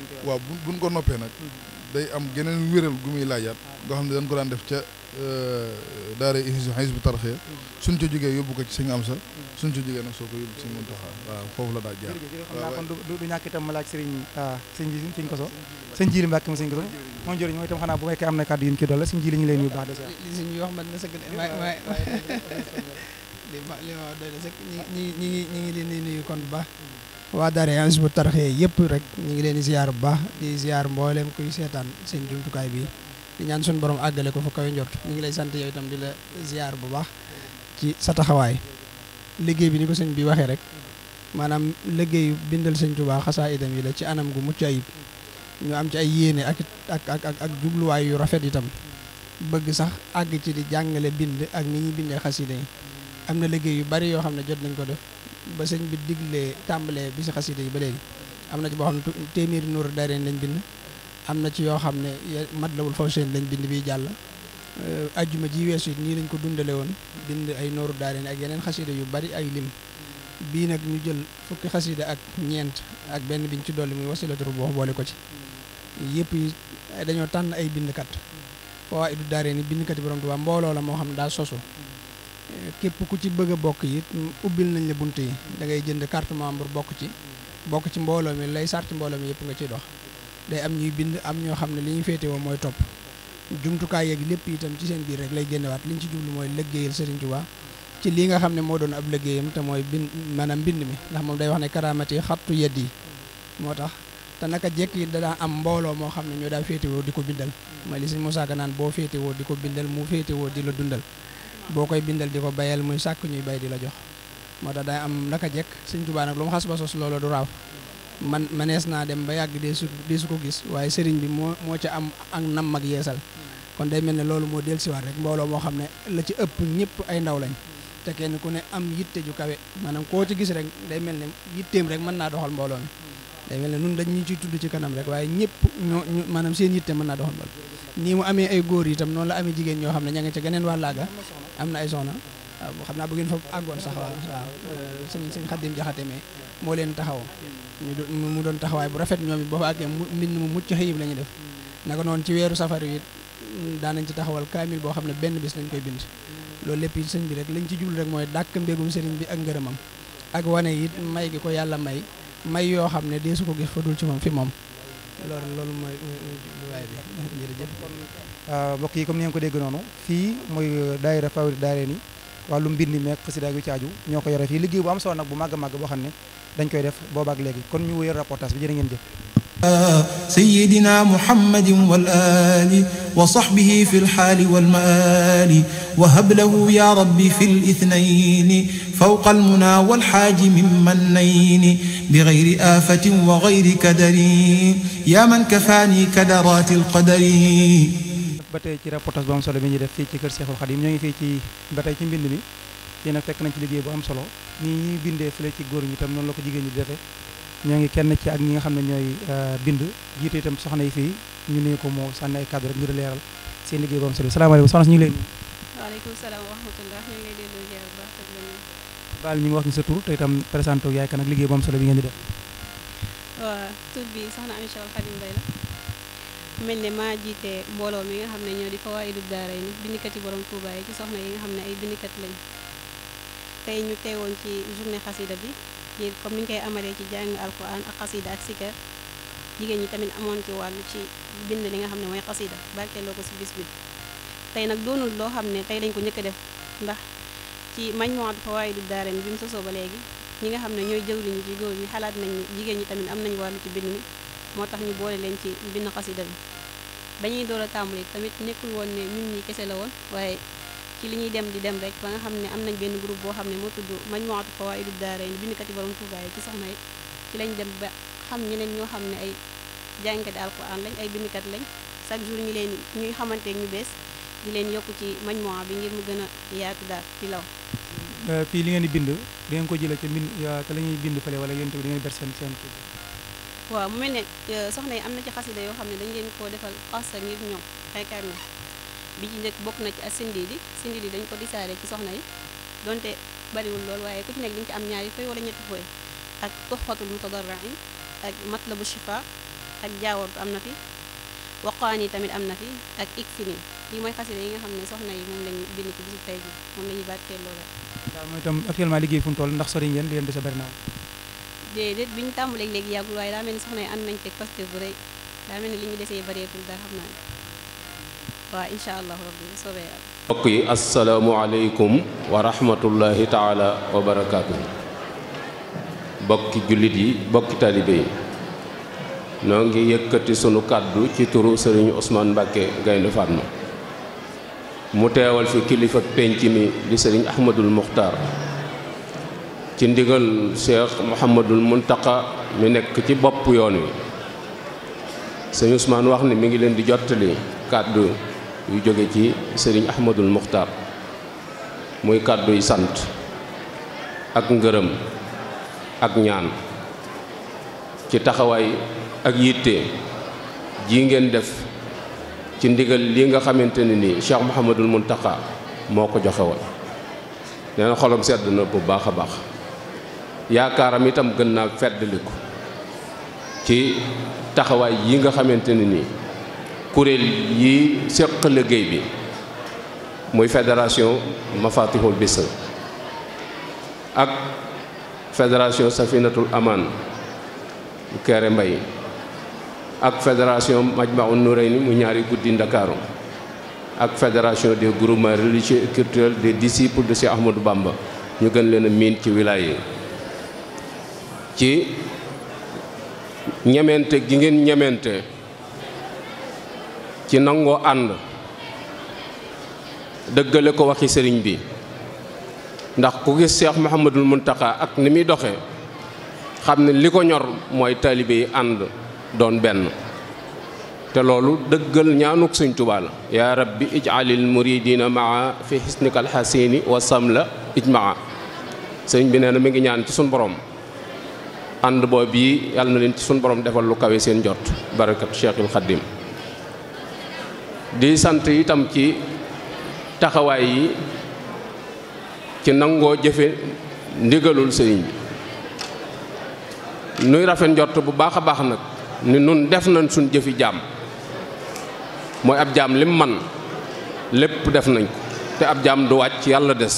ko noppee nag hmm. day am geneen wéral gu muy laajaat ah. nga xam ne dañ ko daan def ca Euh, daara émission xis bu tarxee suñ ci jógee yóbbu ko ci sëñ am sa suñ ci jógee nag soo ko yóbbu ci sëñ Muntaxa ma laaj sëriñ sëñ bi sëñ koso sëñ jili Mbàkke ma sëñ koso moom jëriñ moom itam xanaa bu fekkee am na kàddu yu ñu ci doole sëñ jili ñu leen yu baax de sax ngi ñi ngi leen di kon bu baax waa daara Hizbut yëpp rek ñi ngi leen di ziar bu baax di ziar mboolem kuy seetaan seen jumtukaay bi ñaan suñu borom àggale ko fu kawe njort ngi lay sant yow itam di la ziar bu baax ci sa taxawaay liggéey bi ni ko sëñ bi waxee rek maanaam liggéey bindal sëñ Tuubaa xasaa itam yi la ci anam gu mucc ayib ñu am ci ay yéene ak ak ak ak jubluwaay yu rafet yi tam bëgg sax àgg ci di jàngale bind ak ni ñuy bindee xasida yi am na liggéey yu bari yoo xam ne jot nañ ko def ba sëñ bi diglee tàmbalee bi si xasida yi ba léegi am na ci boo xam téeméeri nuuru daareen lañ bind am na ci yoo xam ne mat wul Matlabul Fawzayni lañ bind bi jàll euh, ajjuma ji weesu it nii lañ ko dundale woon bind ay nooru daareen ak yeneen xasida yu bari ay lim bii nag ñu jël fukki xasida ak ñeent ak benn biñ ci dolli muy wasilatu rubuux boole ko ci yëpp dañoo tànn ay bindkat fawaa'idu daareen yi bindkat yi borom Tuubaa mbooloo la moo xam ne daa sosu képp ku ci bëgg a bokk yi ubbil nañ la bunt yi da ngay jënd carte membre bokk ci bokk ci mbooloo mi lay sarti mbooloo mi yëpp nga ciy dox day am ñuy bind am ñoo xam ne li ñu féete woo mooy topp jumtukaay yeeg lépp itam ci seen biir rek lay génnewaat li ñu ci jublu mooy liggéeyal Serigne Touba ci lii nga xam ne moo doon ab liggéeyam te mooy bind maanaam bind mi ndax moom day wax ne karaamati xattu yedd yi moo tax te naka jekk yi danaa am mbooloo moo xam ne ñoo daa féetewoo di ko bindal mooy li Serigne Moussa Ka naan boo féetewoo di ko bindal mu féetewoo di la dundal boo koy bindal di ko bayal muy sàkk ñuy bay di la jox moo tax day am naka jekk Serigne Touba nag lu mu xas ba sos loolu du man manees naa dem ba yàgg dee su dee su ko gis waaye sëriñ bi moo moo ca am ak nam mag yeesal kon day mel ne loolu moo dellusiwaat rek mbooloo moo xam ne la ci ëpp ñëpp ay ndaw lañ te kenn ku ne am yitte ju kawe maanaam koo ci gis rek day mel ni yitteem rek mën naa doxal mbooloo mi day mel ne nun dañ ñu ciy tudd ci kanam rek waaye ñëpp ñoo maanaam seen yitte mën naa doxal mbooloo nii mu amee ay góor itam noon la amee jigéen ñoo xam ne ña nga ca geneen wàllaaga am na ay soxna xam naa bu ngeen fa àggoon sax waaw waaw euh, sëñ sëñ Xadim Jaxate mais moo leen taxaw mu doon taxawaay bu rafet ñoom it boo fa àggee mbind mu mucc xëyib la ñu def naka noonu ci weeru safar yi daanañ ci taxawal kaamil boo xam ne benn bis lañ koy bind loolu lépp yi bi rek lañ ci jublu rek mooy dàkk mbégum sëriñ bi ak ngërëmam ak wane it may gi ko yàlla may may yoo xam ne su ko gis fa dul ci moom fi moom loolu loolu mooy jubluwaay bi jërëjëf euh, mbokk yi comme ni ngeen ko dégg noonu fii mooy daayira Fawri Daarayni wàllu mbind mek xasida yu ci aju ñoo ko yore fii liggéey bu am solo nak bu mag mag bo xamné dañ koy def boobaak léegi kon ñu wëyer reportage bi jërë ngeen jëf سيدنا محمد والآل وصحبه في الحال والمآل وهب له يا ربي في الإثنين فوق المنى والحاج من منين بغير آفة وغير كدر يا من كفاني كدرات القدر ba tey ci reportage bu am solo bi ñuy def fii ci kër Seexul Xadim ñoo ngi fii ci ba tey ci mbind mi yéen a fekk nañ ci liggéey bu am solo nii ñuy ci góor ñi itam noonu la ko jigéen ñi di ñoo ngi kenn ci ak ñi nga xam ne ñooy euh, bind jiite tam soxna yi fii ñu ne ko moo sànni ay cadre rek ngir leeral seen liggéey bu am solo salaamaaleykum soxna ñu leen waaleykum salaam wa rahmatullah ñu ngi baal ñu ngi wax ni sa tur te itam présenté yaay kan liggéey bu solo bi ngeen di def waaw tur bi soxna Amy Thiaw Xadim Mbaye la mel ne maa jiite mbooloo mi nga xam ne ñoo di Fawaaidou Daarayni bindikat yi borom Touba yi ci soxna yi nga xam ne ay bindikat lañ tey ñu teewoon ci journée xasida bi ci comme ni ñu koy amalee ci jàng alquran ak xasida ak sikar jigéen ñi tamit amoon ci wàllu ci bind li nga xam ne mooy xasida loo ko si bis bi tey nag doonul loo xam ne tey lañ ko njëkk a def ndax ci majmuat Fawaaidou Daarayni bi mu sosoo ba léegi ñi nga xam ne ñooy jëwriñu ci góor ñi xalaat nañ jigéen ñi tamit am nañu wàll ci bind mi moo tax ñu boole leen ci bind xasida bi ñuy door a tàmbali tamit nekkul woon ne ñun ñi kese la woon waaye ci li ñuy dem di dem rek ba nga xam ne am nañ benn groupe boo xam ne moo tudd majmuatu fawaaidud daarayni bindkat yi borom Tuubaa yi ci sax may ci lañ dem ba xam ñeneen ñoo xam ne ay jàngkat alquran lañ ay bindkat lañ chaque jour ñi leen ñuy xamante ñu bees di leen yokk ci majmua bi ngir mu gën a yaatu daal ci law euh, fii li ngeen di bind da ngeen ko jëlee ca mbind la ñuy bind fële wala yéen tamit da ngeen ber seen waaw mu mel ne e, soxna yi am na ci xasida yoo xam ne dañu leen koo defal xasa ngir ñoom xeekaar na bi ci nekk bokk na ci ak sindi di sindi di dañ ko disaare ci soxna yi donte bariwul lool waaye ku ci nekk dañu ci am ñaari fooy wala ñetti fooy ak toxfatul mutadarrain ak matlabu shifa ak jaawartu am na fi waqaan yi tamit am na fi ak ikfini yi mooy xasida yi nga xam ne soxna yi moom lañu bind ci bisu tey moom la ñuy bàkkee loolu daal mooy itam actuellement liggéey fu mu toll ndax sori ngeen li déedéet bi ñu tàmbalee léegi yàggul waaye daa mel ni yi ànd yi asalaamualeykum wa bokki jullit yi bokki taalibe yi noo ngi yëkkati sunu kàddu ci turu sëriñ Ousmane Mbàkke Gaynde Fatma mu teewal fi kilifa pénc mi di sëriñ Ahmadul Muxtaar ci ndigal cheikh mohammedul muntaka mi nek ci bop yoon wi seigne ousmane wax ni mi ngi len di jotali cadeau yu joge ci sëriñ ahmadul Mukhtar moy cadeau yi sante ak ngeureum ak ñaan ci taxaway ak yitte ji ngeen def ci ndigal li nga xamanteni ni cheikh mohammedul muntaka moko joxewal joxe xolam sedd bu baakha a yaakaaram itam gën naa feddaliku ci taxawaay yi nga xamante ne nii kuréel yi séq liggéey bi muy fédération Mafatihul Bichri ak fédération Safinatul Aman bu Kéré Mbaye ak fédération Majmahun Nurayni mu ñaari guddi Ndakaaru ak fédération des groupements religieux et culturels des disciples de Cheikh Ahmadou Bamba ñu gën leen a miin ci wilaya yi ci ñemente gi ngeen ñemente ci nangoo ànd dëggale ko waxi sëriñ bi ndax ku gis Cheikh Mouhamadul Mountakha ak ni muy doxe xam ne li ko ñor mooy taalibe yi ànd doon benn te loolu dëggal ñaanuk Sëriñ Tuubaa la yaa rabbi ij'alil muridina maa fi xisnikal xasini wa samla ijmaa sëriñ bi nee na mi ngi ñaan ci sunu borom ànd boobu yi yàlla na leen ci suñu borom defal lu kawe seen jot barakat Cheikhul Khadim di sant itam ci taxawaay yi ci nangoo jëfe ndigalul sëriñ bi nuy rafet njort bu baax a baax nag ni nun def na suñ jëfi jaam mooy ab jaam lim man lépp def nañ ko te ab jaam du wàcc yàlla des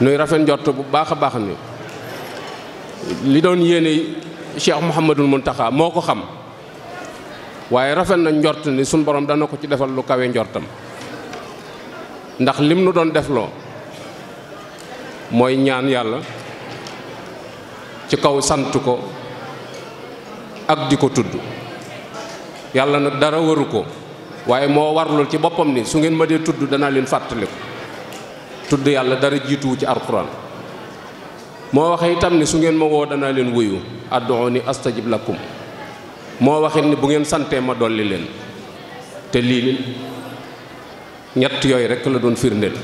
nuy rafet njort bu baax a baax ni li doon yéene Cheikh Mouhamadul taxaa moo ko xam waaye rafet na njort ni suñ borom dana ko ci defal lu kawe njortam ndax lim nu doon defloo mooy ñaan yàlla ci kaw sant ko ak di ko tudd yàlla nag dara waru ko waaye moo warlul ci boppam ni su ngeen ma dee tudd danaa leen fàttaliku tudd yàlla dara jiituwu ci alxuraan moo waxe itam ni su ngeen ma woo danaa leen wuyu adduuni astajib lakum moo waxit ni bu ngeen santee ma dolli leen te lii ñett yooyu rekk la doon firndeel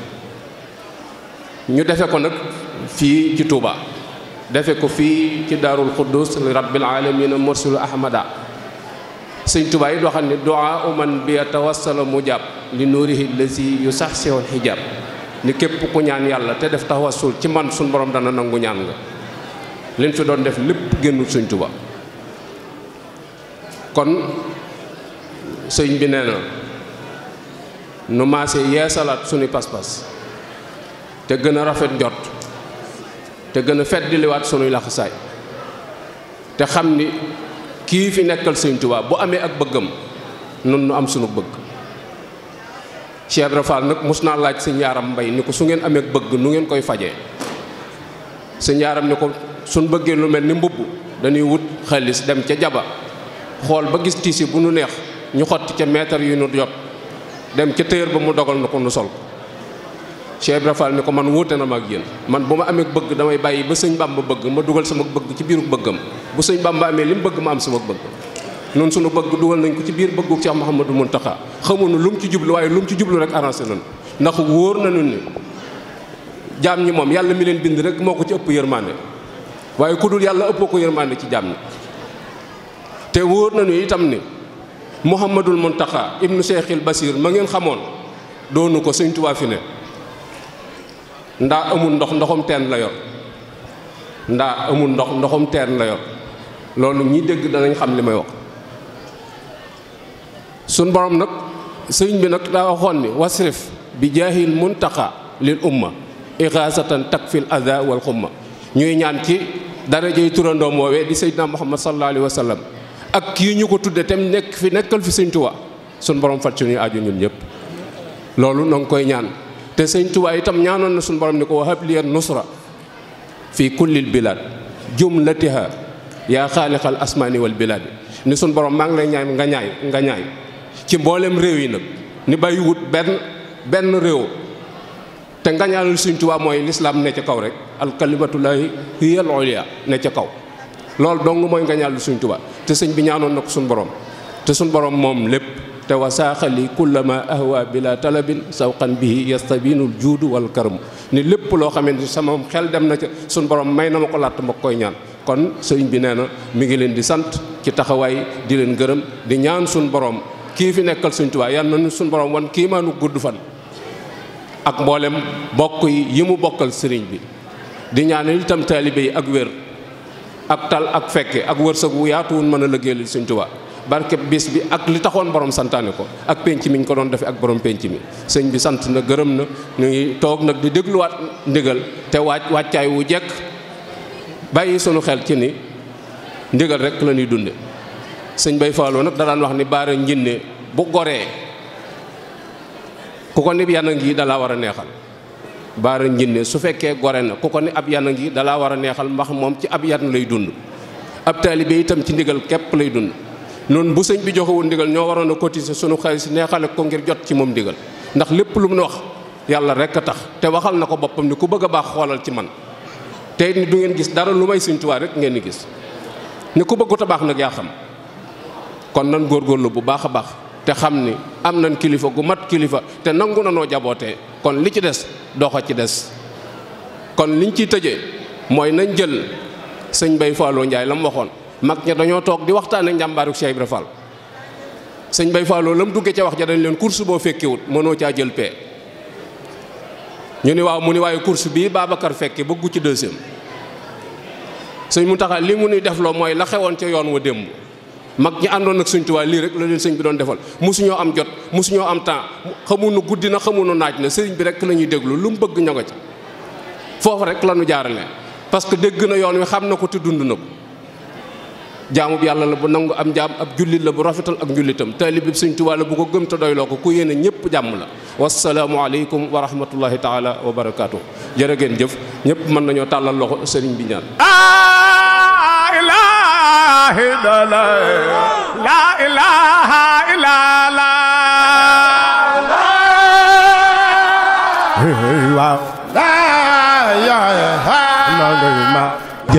ñu defe ko nag fii ci Touba defe ko fii ci daarul quddus li rabbil alamina mursulu ahmada sëñ Touba yi doo xam ne duaa uman bi yatawassala mujab li nuurihi lazi yusaxsihul hijab ni képp ku ñaan yàlla te def tawassul ci man suñ borom dana nangu ñaan nga liñ fi doon def lépp génnul suñ tuba kon sëñ bi nee na nu maase yeesalaat suñu pas-pas te gën a rafet njot te gën a feddiliwaat suñuy laxasaay te xam ni kii fi nekkal sëñ tuba bu amee ak bëggam noonu nu am sunu bëgg Cheikh Ibra Fall nag mos naa laaj sëñ yaaram mbay ni ko su ngeen amee bëgg nu ngeen koy faje sëñ yaaram ni ko suñ bëggee lu mel ni mbubb dañuy wut xaalis dem ca jabar xool ba gis tiisi bu nu neex ñu xotti ca meetar yu nu jot dem ca téer ba mu dogal na ko nu sol Cheikh Ibra Fall ni ko man wóote na ma ak yéen man bu ma amee bëgg damay bàyyi ba sëñ ba bëgg ma dugal sama bëgg ci biiru bëggam bu sëñ Bamba amee li mu bëgg ma am sama bëgg noonu sunu bëgg dugal nañ ko ci biir bëggu Cheikh Mouhamadou Mountakha xamuñu lu mu ci jublu waaye lu mu ci jublu rek arrangé nañu ndax wóor nañu ni jaam ñi moom yàlla mi leen bind rek moo ko ci ëpp yërmande waaye ku yàlla ëppoo ko yërmande ci jaam ñi te wóor nañu itam ni Mouhamadul Mountakha ibnu Cheikhil Basir ma ngeen xamoon doonu ko Sëñ Tuubaa fi ne ndaa amul ndox ndoxum teen la yor ndaa amul ndox ndoxum teen la yor loolu ñi dégg danañ xam li may sun borom nak sëriñ bi nak da waxoon ni wasrif bi jahil muntaqa lil umma ighasatan takfil adha wal khumma ñuy ñaan ci dara darajey turandoom woowee di seydina muhammad sallallahu alaihi wasallam ak ki ñu ko tudde tem nek fi nekkal fi sëñ tuba sun borom faj ñu aju ñun ñep lolu nang koy ñaan te sëñ tuba itam ñaanon na sun borom ni ko wahab li an nusra fi kulli al bilad jumlatiha yaa xaaliqal asmani wal bilad ni sun borom maa ngi lay ñaan nga ñaay nga ñaay ci mbollem rew yi nak ni bayu wut ben ben rew te ngañaalul seigne touba moy l'islam ne ci kaw rek hiya al ulya ne ci kaw lol dong moy ngañaalul seigne touba te seigne bi ñaanon nak sun borom te sun borom mom lepp te wasaaxali kullama ahwa bila talabin sawqan bihi yastabinul jud wal karam ni lepp lo xamante ni sama xel dem na ci sun borom may na mako lat mako ñaan kon seimbina bi neena mi ngi len di sante ci taxaway di len di ñaan sun borom kii fi nekkal suñ Tuubaa yal na nu suñ borom wan kii maa nu gudd fan ak mboolem bokk yi mu bokkal sëriñ bi di ñaanal itam taalibe yi ak wér ak tal ak fekke ak wërsëg wu yaatu wun mën a liggéeyal suñ Tuubaa barke bis bi ak li taxoon borom santaane ko ak penc mi ñu ko doon defee ak borom penc mi sëñ bi sant na gërëm na ñu ngi toog nag di dégluwaat ndigal te waaj wàccaay wu jekk bàyyi sunu xel ci ni ndigal rek la ñuy dunde sëñ bay faaloo nag da daan wax ni baara njinne bu goree ku ko ni yana ngi dalaa war a neexal baara njinne su fekkee gore na ku ko ni ab yana ngi dalaa war a neexal mbax moom ci ab yan lay dund ab taalibe itam ci ndigal képp lay dund noonu bu sëñ bi joxewul ndigal ñoo waroon a cotiser suñu xaalis neexale ko ngir jot ci moom ndigal ndax lépp lu mu wax yàlla rek a tax te waxal na ko boppam ni ku bëgg a baax xoolal ci man te ni du ngeen gis dara lu may sëñ Tuubaa rek ngeen di gis ni ku bëggut a baax nag yaa xam kon nan góor góorgóorlu bu baax a baax te xam ni am nañ kilifa gu mat kilifa te nangu na jabootee kon li ci des doxa ci des kon liñ ciy tëje mooy nañ jël sëñ Bay Fallou Ndiaye la mu waxoon mag ña dañoo toog di waxtaan njàmbaaru Cheikh Ibra Fall sëñ Bay Fallou la mu duggee ca wax ja dañ leen course boo fekkiwut mënoo caa jël pee ñu ni waaw mu ni waaye course bii Babacar fekke bëggu ci deuxième sëñ mu taxa li mu ni defloo mooy la xewoon ca yoon wa démb mag ñi andon ak lirik sing li rek la leen sëñ bi doon defal musuñoo am jot birak am temps xamunu guddi na xamunu naaj na sëriñ bi rek lañuy deglu lu mu bëgg ñoga ci fofu rek lañu jaarale parce que degg na yoon wi xam ko dund na jaamu bi yalla la bu nangu am jaam ab julit la bu rafetal ak julitam talib bi la bu ko gëm ta ko ku yene ñepp la wassalamu alaykum wa rahmatullahi taala wa barakatuh jere gene jëf ñepp mën sering talal loxo bi ñaan ah! شاهد له لا إله إلا لا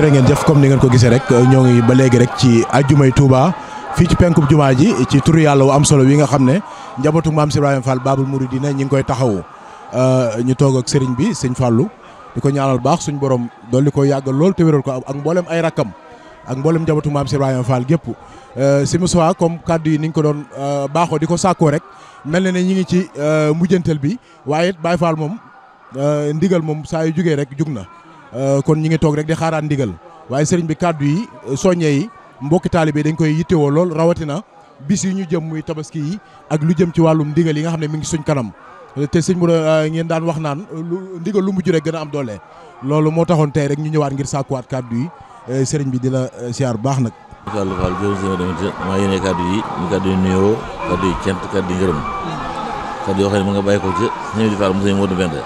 ngeen jëf comme ni ngeen ko gisee rek ñoo ngi ba léegi rek ci ajjumay Touba fii ci penkub jumaa ji ci turu yàlla wu am solo wi nga xam ne njabootu maam si Ibrahima Fall Babul Mouridina ñi ngi koy taxawu euh, ñu toog ak sëriñ bi sëñ Fallou di ko ñaanal baax suñ borom dool dolli ko yàggal lool te wéral ko ak mboolem ay rakkam ak mboolem njabootu maam Cheikh Ibrahima Fall gépp euh, si Moussa comme kaddu yi ni ñu ko doon euh, baaxoo di ko sàkkoo rek mel na ne ñu ngi ci euh, mujjantal bi waaye it Baye Fall moom ndigal moom saa yu jugee rek jug na kon ñi ngi toog rek di xaaraat ndigal waaye sëriñ bi kaddu yi soññe yi mbokki taalibe dañ koy yittewoo lool rawatina bis yi ñu jëm muy tabaski yi ak lu jëm ci wàllum ndigal yi nga xam ne mu ngi suñ kanam te sëñ mu ngeen daan wax naan ndigal lu mujj rek gën a am doole loolu moo taxoon tey rek ñu ñëwaat ngir sàkkuwaat kaddu yi Eh, serigne bi di la siyaar eh, baax nag Fallou Fall jërëjëf dama maa yéene kàddu yi ni kaddu yu kaddu kàddu kaddu ngeureum kaddu yo ngërëm ma nga bay ko ci sëñ bi Fall mu sëñ Modou Bende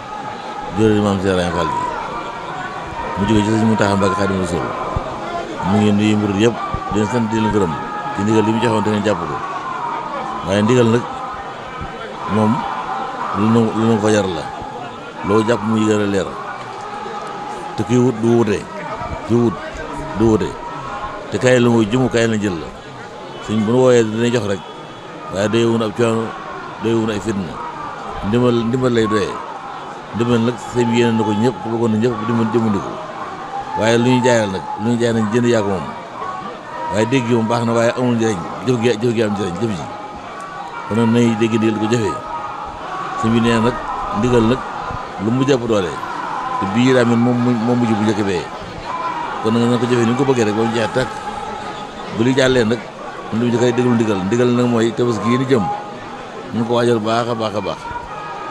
jóore di maam Cheikh bi mu jógee ci sëñ Mountakha mbak khadim rasoul mu ngi nuyu mbur yeb di leen sant di ngeureum di ndigal limu joxon joxoon te ngeen jàpp ko waye ndigal nak mom lu nu lu ko yar la leer te ki wut du wutee du wut du wute te kaay la mooy jëmu kaay la jël la suñ bu nu wooyee dina jox rek waaye doye wun ab coono doye wun ay fitna ndimbal ndimbal lay doyee ndimbal nag sëñ bi yéene na ko ñëpp ku ñëpp di mën jëmandiku waaye lu ñu jaayal nag lu ñu jaay nañ jënd yaa ko moom waaye dégg moom baax na waaye amul njëriñ jëf gi jëf gi am njëriñ jëf ji kon nag nañ dégg ndigal ko jëfee sëñ bi nee nag ndigal nag lu mu jàpp doole te bii raamit moom moom mujj bu njëkk bee kon nag na ko jëfee ñu ko bëggee rek ba mu jeex tàkk bu li jàllee nag man du jëkkay déglu ndigal ndigal nag mooy tabaski yi ni jëm ñu ko waajal baax a baax a baax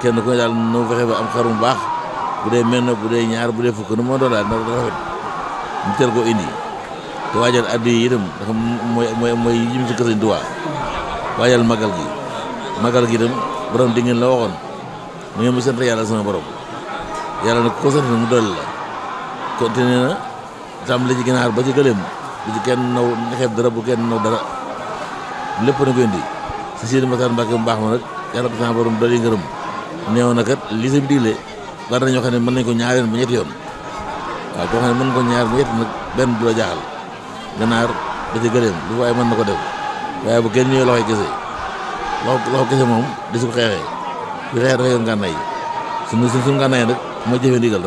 kenn ku ne daal nu fexe ba am xarum baax bu dee menn bu dee ñaar bu dee fukk nu moo doon daal ndax rafet ñu teel koo indi te waajal addu yi itam ndax mooy mooy mooy jëm ci kësañ duwaa waajal magal gi magal gi itam borom di ngeen la waxoon mu ngeen mu sant yàlla sama borom yàlla nag ko tàmbali ci ginaar ba ci gëléem bu ci kenn naw xeeb dara bu kenn naw dara lépp na ko indi si ma Matar Mbàkke mu baax ma nag yàlla ko sama borom dolli ngërëm neew na kat li sëñ digle bari na ñoo xam ne mën nañ ko ñaareen bu ñetti yoon waaw koo xam ne mën ko ñaar ba ñetti nag benn du la jaaxal ganaar ba ci gëléem lu waaye mën na ko def waaye bu kenn ñëwee loxo kese loxo loxo kese moom di su ko xeexee bu xeexee dafa yor ngànnaay suñu suñu ngànnaay nag mooy jëfe ndigal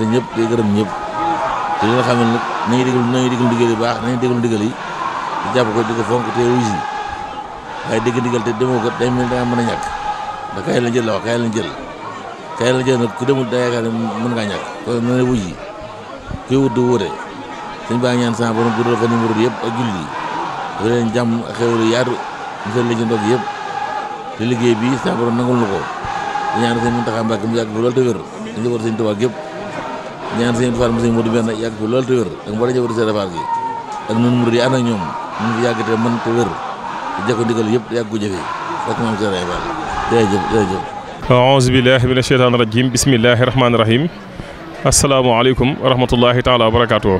rek ñëpp di gërëm ñëpp te li nga xam ne nañu déglu nañu déglu yu baax nañu déglu ndigal yi di jàpp ko di ko fonk te wuyu si waaye dégg ndigal te demoo ko day da nga mën a ku demul da yaakaar ngaa ñàkk kon na ne wuyu kuy wut di wuute suñ baa ñaan sama borom guddal fa numéro yëpp ak julli yi dafa leen jàmm ak xewlu yaatu musal la ci ndog yëpp te liggéey bi sama borom nangul na ko di ñaan sëñ Muntaxa Mbàkke mu yàgg lool te wér dañu war sëñ Tuubaa yëpp ñaan seen Fall mu seen Modou benn yàgg fi loolu te wér ak mboolem njabootu ko jëfee fekk moom seen Fall jërëjëf jërëjëf aouzu billahi mina sheytaani rajim bismillahi rahmaani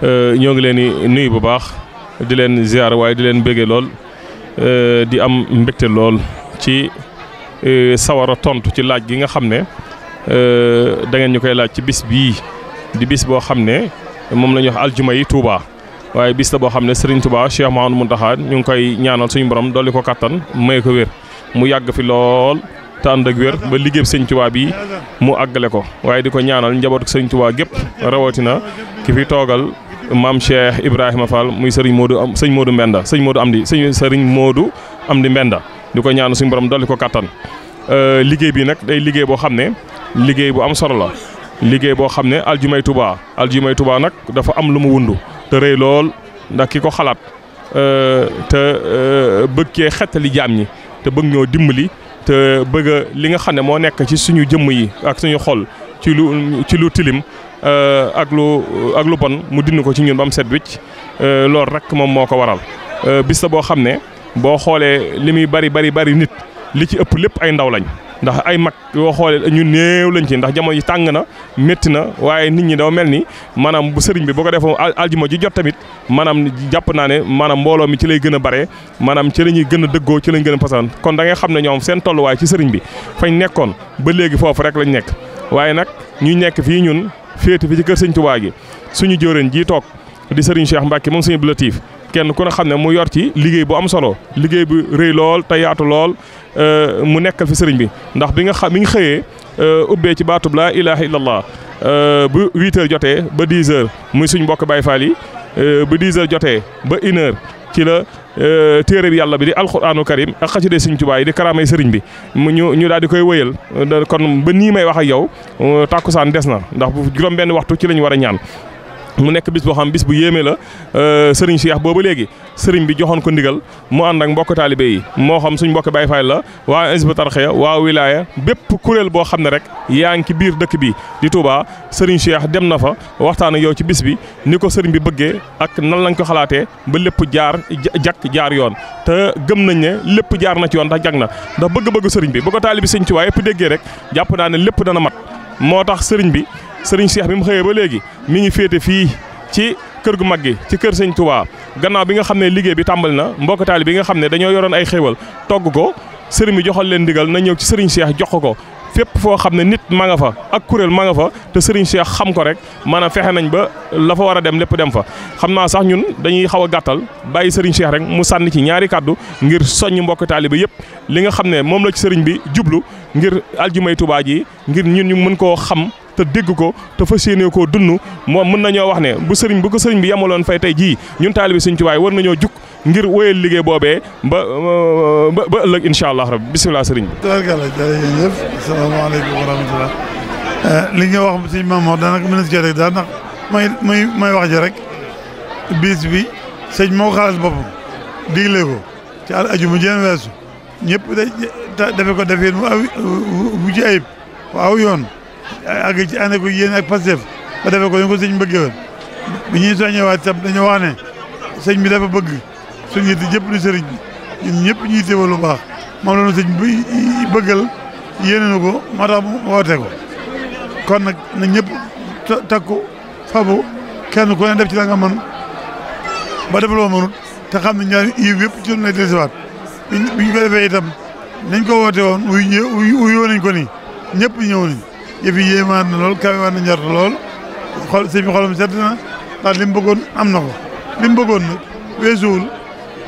euh, ñoo ngi leen di nuyu bu baax di leen ziar waaye di leen béggee lool euh, di am mbégte lool ci euh, sawara tontu ci laaj gi nga xam ne Euh, da ngeen ñu koy laaj ci bis bii di bis boo xam ne moom la ñuy wax aljuma yi Touba waaye bis la boo xam ne Serigne Touba Cheikh Mahamadou Mountakha ñu ngi koy ñaanal suñu borom dolli ko kattan may ko wér mu yàgg fi lool te ànd ak ba liggéey Serigne Touba bi mu àggale ko waaye di ko ñaanal njabootu Serigne gépp rawatina ki fi toogal maam Ibrahima Fall muy Serigne Modou am sëñ Modou Mbenda sëñ Modou Amdi sëñ Serigne Modou Amdi Mbenda di ko ñaanal suñu borom dolli ko kattan euh, liggéey bi nag day liggéey boo xam ne. liggéey bu am solo la liggéey boo xam ne aljumay tubaa aljumay tubaa nag dafa am lu mu wundu te rëy lool ndax ki ko xalaat euh, te euh, bëggee xettali jaam ñi te bëgg ñoo dimbali te bëgg li nga xam ne moo nekk ci suñu jëmm yi ak suñu xol ci lu ci lu tilim euh, ak lu ak lu bon mu dind ko ci ñun ba mu set wicc loolu rek moom moo ko waral bis la boo xam ne boo xoolee li muy bari bari bari nit li ci ëpp lépp ay ndaw lañ ndax ay mag yoo xoole ñun néew lañ ci ndax jamono yi tàng na métti na waaye nit ñi dafa mel ni maanaam bu sëriñ bi boo ko defoo aljuma ji jot tamit maanaam jàpp naa ne maanaam mbooloo mi ci lay gën a bare maanaam ci la ñuy gën a dëggoo ci lañ gën a pasan kon dangay ngay xam ne ñoom seen tolluwaay ci sëriñ bi fañ nekkoon ba léegi foofu rek lañ nekk waaye nag ñu nekk fii ñun féete fi ci kër sëñ Tuubaa gi suñu jëwriñ jii toog di sëriñ Cheikh Mbacke moom sëñ Abdou Latif kenn ku xam ne mu yor ci liggéey bu am solo liggéey bu rëy lool te yaatu lool Euh, mu nekkal fi sëriñ bi ndax bi nga xam mi ngi xëyee euh, ubbee ci baatub laa ilaha illallah euh, bu 8 heures jotee ba 10 muy suñ mbokk Baay Faal yi ba 10 jotee ba une ci la téere bi yàlla bi di alquraanu karim ak xasida suñ Tuubaa yi di karaamay sëriñ bi mu ñu ñu daal di koy wëyal kon ba nii may wax ak yow tàkkusaan des na ndax bu juróom benn waxtu ci lañ war a ñaan mu nekk bis boo xam bis bu yéeme la euh, sëriñ Cheikh boobu léegi sëriñ bi joxoon ko ndigal mu ànd ak mbokk taalibe yi moo xam suñ mbokk Baay Faal la waa Hizbut Tarqiyyah waa Wilaya bépp kuréel boo xam ne rek yaa ngi ci biir dëkk bi di Touba sëriñ Cheikh dem na fa waxtaan ak yow ci bis bi ni ko sëriñ bi bëggee ak nan lañ ko xalaatee ba lépp jaar jakk jaar yoon te gëm nañ ne lépp jaar na ci yoon tax jag na ndax bëgg-bëgg sëriñ bi boo ko taalibe sëriñ Tuubaa yëpp déggee rek jàpp naa lépp dana mat moo tax sëriñ bi sëriñ Cheikh bi mu xëyee ba léegi mi ngi féete fii ci kër gu mag gi ci kër sëñ Touba gannaaw bi nga xam ne liggéey bi tàmbali na mbokk taali bi nga xam ne dañoo yoroon ay xéewal togg ko sëriñ bi joxal leen digal na ñëw ci sëriñ Cheikh jox ko fépp foo xam ne nit ma nga fa ak kuréel ma nga fa te sëriñ Cheikh xam ko rek maanaam fexe nañ ba la fa war a dem lépp dem fa xam naa sax ñun dañuy xaw a gàttal bàyyi sëriñ Cheikh rek mu sànni ci ñaari kàddu ngir soññ mbokk taaliba yëpp li nga xam ne moom la ci sëriñ bi jublu ngir aljumay Touba ji ngir ñun ñu mën koo xam te dégg ko te fassiyene ko koo mom moom mën nañoo wax ne bu serigne bu ko serigne bi yamalon fay tay ji ñun talibi serigne Tuubaa war nañu juk ngir wéyal liggéey bobé ba ba ëllëg incha allah rabbi bisimilah sëriñ bi. tabarkàlla jërëjëf wa rahmatulah li nga wax sëñ Mamoor daanaka mën na si jotee daal ndax may may may wax ji rek bis bi sëñ moo xaalis boppam digle ko ci al ajuma jeen weesu ñëpp defe ko defee mu aw ci ayib waaw yoon. àgg ci ànd ko yéen ak Pastef ba defee ko ñu ko sëñ bi bi ñuy soññewaat tam dañoo wax ne sëñ bi dafa bëgg suñu yitte jëpp di sëriñ bi ñun ñëpp ñu yittewoo baax moom la ñu sëñ bi bëggal yéene ko ma tax mu woote ko kon nag na ñëpp takku fabu kenn ku ne def ci la nga mën ba def loo te xam ne ñaari yiw yëpp ci lay dellusiwaat bi ñu ko defee itam nañ ko woote woon wuyu wuyu nañ ko nii ñëpp ñëw nañ yëf yi yéemaan na lool kawe war na njort lool xol si bi xolam sedd na ndax li mu bëggoon am na ko li mu bëggoon nag weesuwul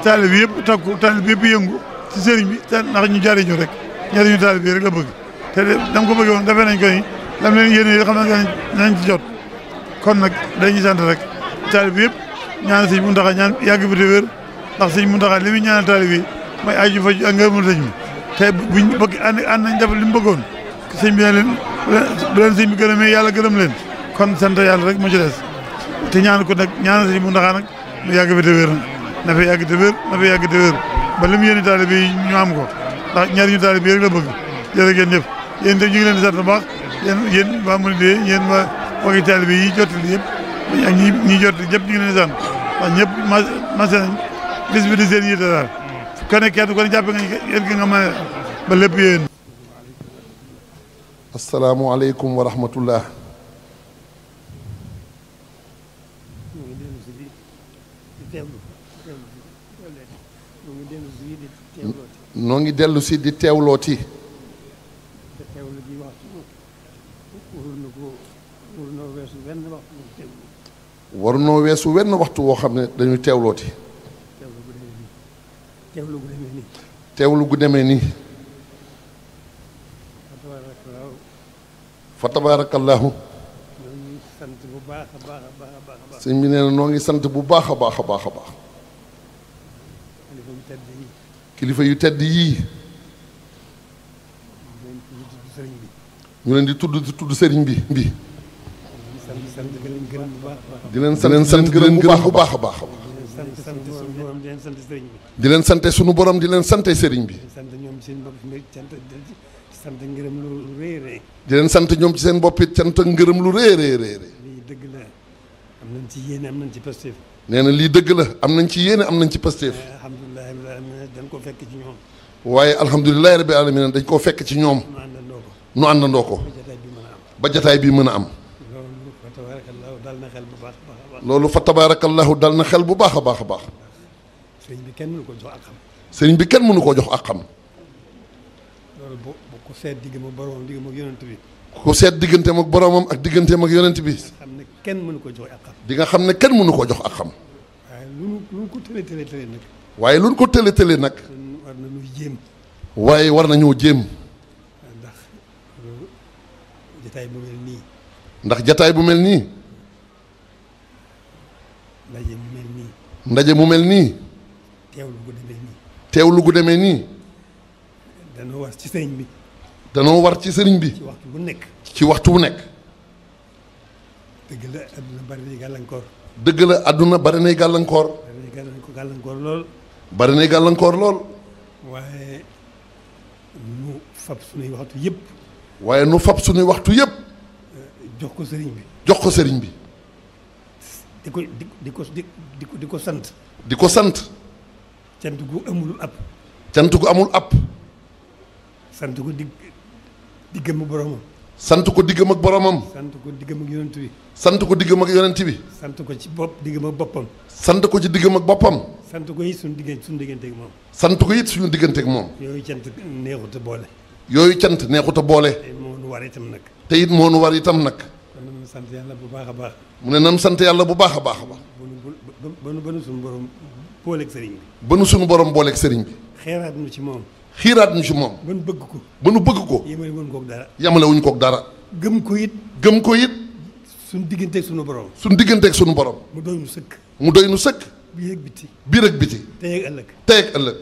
taalib bi yëpp takku taalib bi yëpp yëngu ci sëriñ bi ndax ñu jariñu rek jariñu taalib bi rek la bëgg te de dama ko bëggoon defee nañ ko ni lam leen yéene yi xam ne nañ ci jot kon nag dañuy sant rek taalib bi yëpp ñaan sëñ Muntaxa ñaan yàgg bi te wér ndax sëñ Muntaxa li muy ñaanal taalib yi mooy aju fa ngërëmul sëñ bi te buñ bëgg ànd ànd nañ def li mu bu leen sëñ bi gërëmee yàlla gërëm leen kon sant yàlla rek mu ci des te ñaan ko nag ñaanal sëñ mu ndaxaa nag mu yàgg fi te wér na fi yàgg te wér na fi yàgg te wér ba li mu yéene taalibe yi ñu am ko ndax ñaari ñu taalibe yi rek la bëgg jërë ngeen jëf yéen itam ñu ngi leen di sant bu baax yéen yi jottali yëpp ñi ñi jottali ñëpp ñu ngi leen di sant ndax ñëpp mas nañ bis bi di seen yite daal ku ne kenn ku ne jàppe nga yéen ki nga mën ba asalaamualeykum wa rahmatullah noo ngi dellu si di teewlooti war noo weesu wenn waxtu woo xam ne dañuy teewlooti teewlu gu demee nii nii fa tabaarakallaahu sant bu baax a baax a baax a baax sëñ bi nee na noo ngi sant bu baax a baax a baax a baax kilifa yu tedd yii kilifa yu tedd yii ñu leen di tudd di tudd sëriñ bi bi di leen sant sant gërëm bu baax a baax a baax di leen sante suñu borom di leen sante sëriñ bi di leen sante suñu borom di leen sante sëriñ bi di sant ñoom seen bopp sant ngërëm lu rëy di leen sant ñoom ci seen bopp it sant ngërëm lu ree rëy rëy lii dëgg la am nañ ci yéene am nañ ci pasteef nee na lii dëgg la am nañ ci yéene am nañ ci pasteef eh, alhamdulilah rabbil alamin dañ koo fekk ci ñoom waaye alhamdulilahi rabbil alamin dañ koo fekk ci ñoom nu àndandoo ko nu àndandoo ko ba jataay bii mën a am dal na xel bu baax a baax loolu fa tabaarakallahu dal na xel bu baax a baax a baax. sëriñ bi kenn mënu ko jox ak xam. bi kenn mënu koo jox ak xam. ku seet diggam ak boromam diggam ak yonent bi. ku seet digganteem ak boromam ak digganteem ak yonent bi. xam ne kenn mënu ko jox ak xam. di nga xam ne kenn mënu ko jox ak xam. waaye lu lu ko tële tële tële nag. waaye lu ko tële tële nag. war nañoo jéem. waaye war nañoo jéem. ndax jataay bu mel nii. ndax jataay bu mel nii. ndaje mu mel nii. ndaje mu mel nii. teewlu gu demee nii. teewlu demee nii. danoo war ci sëñ bi. danoo war ci sëriñ bi. ci waxtu bu nekk. ci waxtu bu nekk. dëgg la àdduna bari nay gàllankoor. dëgg la àdduna bari nay gàllankoor. bari nay gàllankoor lool. bari nay gàllankoor lool. waaye nu fab sunuy waxtu yëpp. waaye nu fab sunuy waxtu yëpp. Eh, jox ko sëriñ bi. jox ko sëriñ bi. di ko di ko di ko di ko sant. di ko sant. cant gu amul ab. cant gu amul ab. sant gu digg. diggam ak boromam. sant ko diggam ak boromam. sant ko diggam ak yonent bi. sant ko diggam ak yonent bi. sant ko ci bopp diggam ak boppam. sant ko ci diggam ak boppam. sant ko it suñu diggante suñu diggante ak moom. sant ko it suñu diggante ak moom. yooyu cant neexut a boole. yooyu cant neexut a boole. te it moo nu war itam nag. te it moo nu war itam nag. kon nañu sant yàlla bu baax a baax. mu ne nan sant yàlla bu baax a baax a baax. ba nu ba nu suñu borom booleeg sëriñ bi. ba nu suñu borom booleeg sëriñ bi. xeeraat nu ci moom. xiiraat ñu ci moom. ba bëgg ko. ba nu bëgg ko. yemale wuñ koog dara. yemale wuñ koog dara. gëm ko it. gëm ko yit suñ digganteeg suñu borom. suñu digganteek suñu borom. mu doy nu sëkk. mu doy nu sëkk. biir ak biti. biir ak biti. tey ak ëllëg. tey ak ëllëg.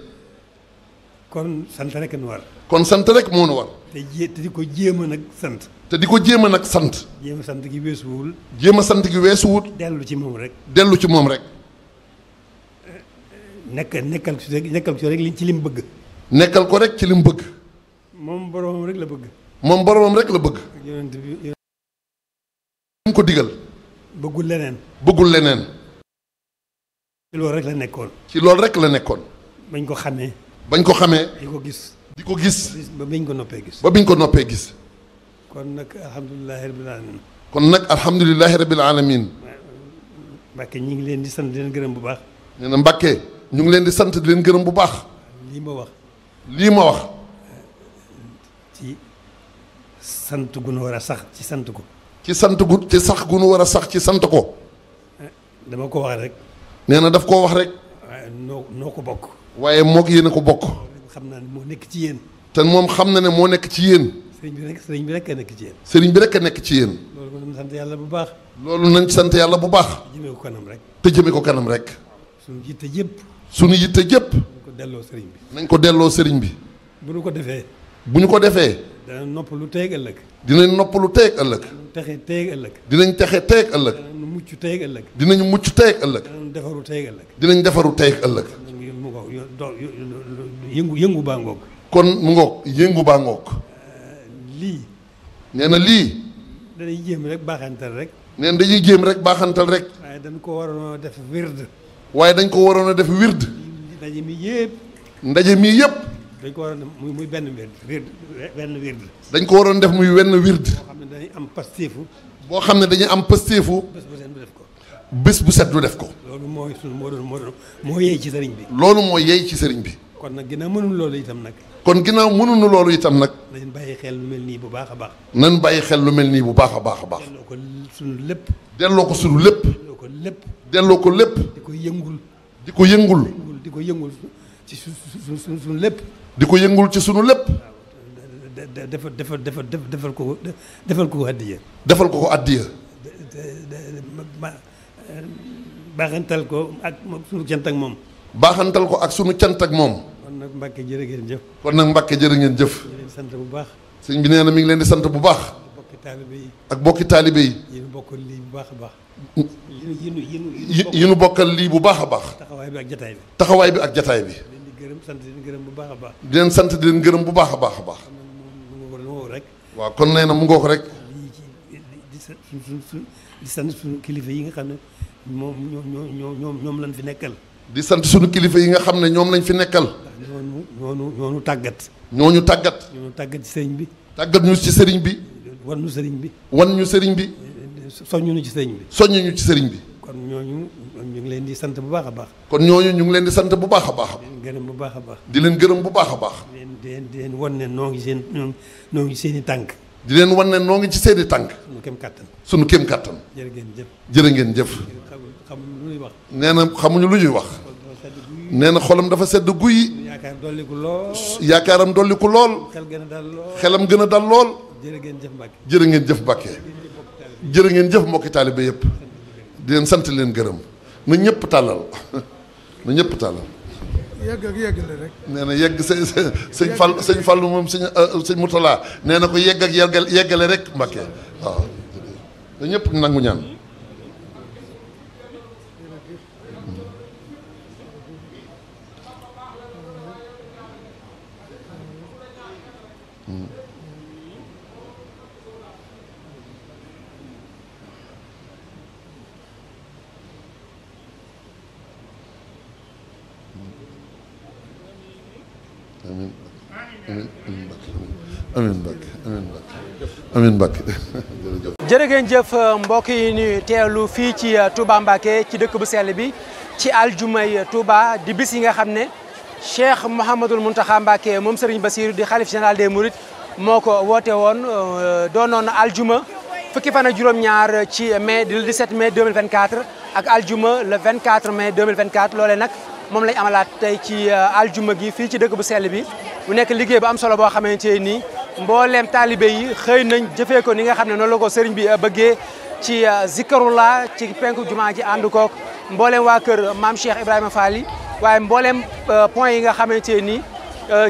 kon sant rek nu war. kon sant rek moo nu war. te jé di ko jéem a nag sant. te di ko jéem a nag sant. jéem sant gi weesuwul. jéem a sant gi weesuwul. dellu ci moom rek. dellu ci moom rek. nekk nekkal ci rek nekkal ci rek ci li mu bëgg. nekkal ko rek ci li mu bëgg. moom boromam rek la bëgg. moom boromam rek la bëgg. yonent ko digal. bëggul leneen. bëggul leneen. ci loolu rek la nekkoon. ci loolu rek la nekkoon. bañ ko xamee. bañ ko xamee. di ko gis. di ko gis. ba biñ ko noppee gis. ba biñ ko noppee gis. kon nag alhamdulilah rabbil alamin. kon nag alhamdulilah rabbil alamin. Mbacke ñu ngi leen di sant di leen gërëm bu baax. nee na Mbacke ñu ngi leen di sant di leen gërëm bu baax. lii ma wax. lii ma wax. ci sant gu nu war a sax ci sant ko. ci sant gu ci sax gu nu war a sax ci sant ko. dama ko wax rek. nee na daf koo wax rek. waaye noo ko bokk. waaye moog yéen a ko bokk. xam naa ne moo nekk ci yéen. te moom xam na ne moo nekk ci yéen. sëriñ bi rek sëriñ bi rek a nekk ci yéen. sëriñ bi rek a nekk ci yéen. loolu nañ sant yàlla bu baax. loolu nañ sant yàlla bu baax. te jëmee ko kanam rek. te jëmee ko kanam rek. suñu yitte jëpp. suñu yitte jépp delloo sëriñ bi. nañ ko delloo sëriñ bi. bu nu ko defee. bu ñu ko defee. dana nopp lu teeg ëllëg. dinañ nopp lu teeg ëllëg. dinañ texe teeg ëllëg. dinañ texe teeg ëllëg. mucc teeg ëllëg. dinañ mucc teeg ëllëg. dinañ defaru teeg ëllëg. dinañ defaru teeg ëllëg. yëngu yëngu baa ngoog. kon mu ngoog yëngu baa ngoog. lii. nee na lii. dañuy jéem rek baaxantal rek. nee dañuy jéem rek baaxantal rek. waaye dañ ko waroon a def wird. waaye dañ ko waroon a def wird. ndaje mi yëpp. ndaje mii yëpp. dañ ko waroon def muy muy benn wird benn wird. dañ ko waroon def muy wenn wird. boo xam ne dañuy am pastéefu. boo xam ne dañuy am pastéefu. bés bu set du def ko. bés bu set def ko. loolu mooy sunu moo doon moo doon moo yey ci sëriñ bi. loolu moo yey ci sëriñ bi. kon nag ginnaaw mënul loolu itam nag. kon ginnaaw mënunu loolu itam nag. nañ bàyyi xel lu mel nii bu baax a baax. nañ bàyyi xel lu mel nii bu baax a baax a baax. delloo ko sunu lépp. delloo ko sunu lépp. delloo ko lépp. delloo ko lépp. di ko yëngul. di ko yëngul. di ko yëngul ci su su suñu lépp. di ko yëngul ci suñu lépp. defal defal defal defal ko ko defal ko ko addiya. defal ko ko addiya. baaxantal ko ak sunu cant ak moom. baaxantal ko ak sunu cant ak moom. kon nag Mbacke jërë ngeen jëf. kon nag Mbacke jërë ngeen jëf. di sant bu baax. sëñ bi nee na mi ngi leen di sant bu baax. ak bokki taalibe yi. ak bokki taalibe yi. yéen bokk lii bu baax a baax. yi nu bokkal lii bu baax a baax. taxawaay bi ak jataay bi. taxawaay bi ak jataay bi. di gërëm sant di gërëm bu baax a baax. di leen sant di gërëm bu baax a baax a baax. waaw kon nee na mu ngoog rek. di sant suñu kilifa yi nga xam ne moom ñoo ñoom lañ fi nekkal. di sant suñu kilifa yi nga xam ne ñoom lañ fi nekkal. ñooñu ñooñu ñooñu tàggat. ñooñu tàggat. ñooñu tàggat ci sëriñ bi. tàggat ñu ci sëriñ bi. wan ñu sëriñ bi. wan ñu sëriñ bi. soññu ci sëriñ bi. soññu ci sëriñ bi. kon ñooñu ñu leen di sant bu baax a baax. kon ñooñu ñu ngi leen di sant bu baax a baax. di leen gërëm bu baax a baax. di leen gërëm bu baax a baax. di leen di leen di leen wan ne noo ngi seen noo ngi seen i tànk. di leen wan ne noo ngi ci seen i tànk. sunu kéem kattan. sunu kéem kattan. jërë ngeen jëf. jërë ngeen jëf. xamuñu na xamuñu lu ñuy wax. nee na xolam dafa sedd guy. yaakaaram dolliku lool. yaakaaram dolliku lool. xel a dal lool. xelam gën a dal lool. jërë ngeen jëf Mbàkke. jërë ngeen jëf Mbàkke. jërë ngeen jëf mbokki taalibe yëpp di sant leen gërëm na ñëpp tàllal na ñëpp tàllal yegg ak yegg la rek. nee na yegg sëñ sëñ Fall sëñ Fall moom sëñ euh, sëñ Moutala nee na ko yegg ak yeggal yeggale rek Mbacke waaw ñëpp nangu ñaan. amiin amiin jëf mbokk yi ñu teelu fii ci uh, Touba Mbacke ci dëkk bu sell bi ci aljumay uh, Touba di bis yi nga xam ne Cheikh Mouhamadul Mountakha Mbacke moom Serigne Bassirou di xalif général des Mourides moo ko woote woon uh, doonoon aljuma fukki fan ak juróom-ñaar ci mai le 17 mai 2024 ak aljuma le 24 mai 2024 loolee nag. moom lañ amalaat tey ci euh, al juma gi fii ci dëkk bu sell bi mu nekk liggéey bu am solo boo xamante nii mbooleem taalibe yi xëy nañ jëfee ko ni nga xam ne noonu la ko sëriñ bi euh, bëggee ci euh, zikarullah ci penku jumaa ji ànd kook mbooleem waa kër maam Cheikh Ibrahima Fall waaye mbooleem point yi nga xamante nii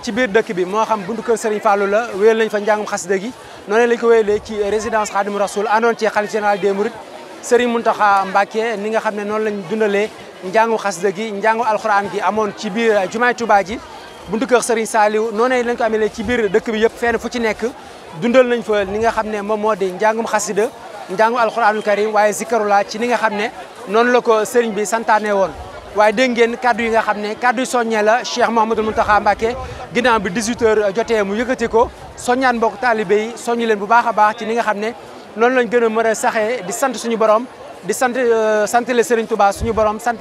ci biir dëkk bi moo xam buntu kër Serigne Fallou la wéyal nañ fa njàngum xasida gi noonu lañ ko wéyalee ci résidence Khadim Rasoul àndoon ci xalif général des Mourides Serigne Mountakha Mbacké ni nga xam ne noonu lañ dundalee njàngu xasida gi njàngu alxuraan gi amoon ci biir jumaay Tuubaa ji buntu kër Serigne Saliou noonu lañ ko amee ci biir dëkk bi yëpp fenn fu ci nekk dundal nañ fa li nga xam ne moom moo di njàngum xasida njàngu alxuraanul karim waaye zikarulaa ci ni nga xam ne noonu la ko Serigne bi santaane woon waaye dégg ngeen kaddu yi nga xam ne kaddu soññee la Cheikh Mouhamadul Mountakha Mbacké ginnaaw bi 18 jotee mu yëkkati ko soññaan mbokk taalibe yi soññi leen bu baax a baax ci ni nga xam ne noonu lañ gën a mën a saxee di sant suñu borom di sant euh, sant le Serigne Touba suñu borom sant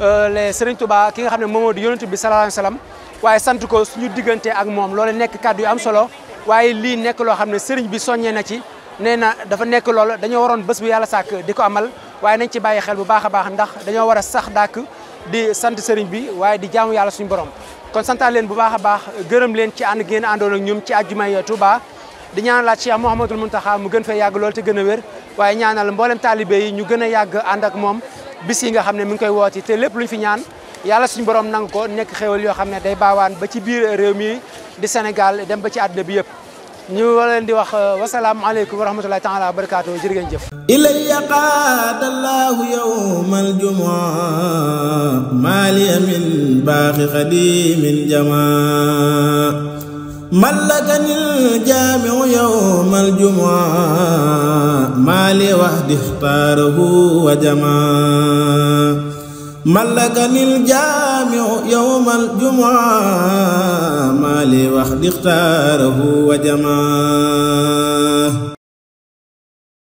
euh, le Serigne Touba ki nga xam ne moom moo di yonent bi sallallahu alayhi wa sallam waaye sant ko suñu diggante ak moom loolu nekk kàddu yu am solo waaye lii nekk loo xam ne Serigne bi soññee na ci nee na dafa nekk loolu dañoo waroon bés bu yàlla sàkk di ko amal waaye nañ ci bàyyi xel bu baax a baax ndax dañoo war a sax dàkk di sant Serigne bi waaye di jaamu yàlla suñu borom kon santaan leen bu baax a baax gërëm leen ci ànd ngeen àndoon ak ñoom ci àjjumay Touba di la cheikh mouhamadul muntaha mu gën fa yag lool te gëna wër waye ñaanal mboolem talibé yi ñu gëna yag and ak mom bis yi nga xamné mu ngi koy woti te lepp luñ fi ñaan yalla suñu borom nang ko nek xewal yo xamné day bawaan ba ci biir réew mi di sénégal dem ba ci àdduna bi yépp ñu walen di wax euh, wasalaamu alaykum wa rahmatullahi taala wa barakatuh jërëgen jëf ila qaada allahu yawma aljumua maaliya min jamaa ملكني الجامع يوم الجمعة ما لي وحدي اختاره وجمع ملكني الجامع يوم الجمعة ما لي وحدي اختاره وجمع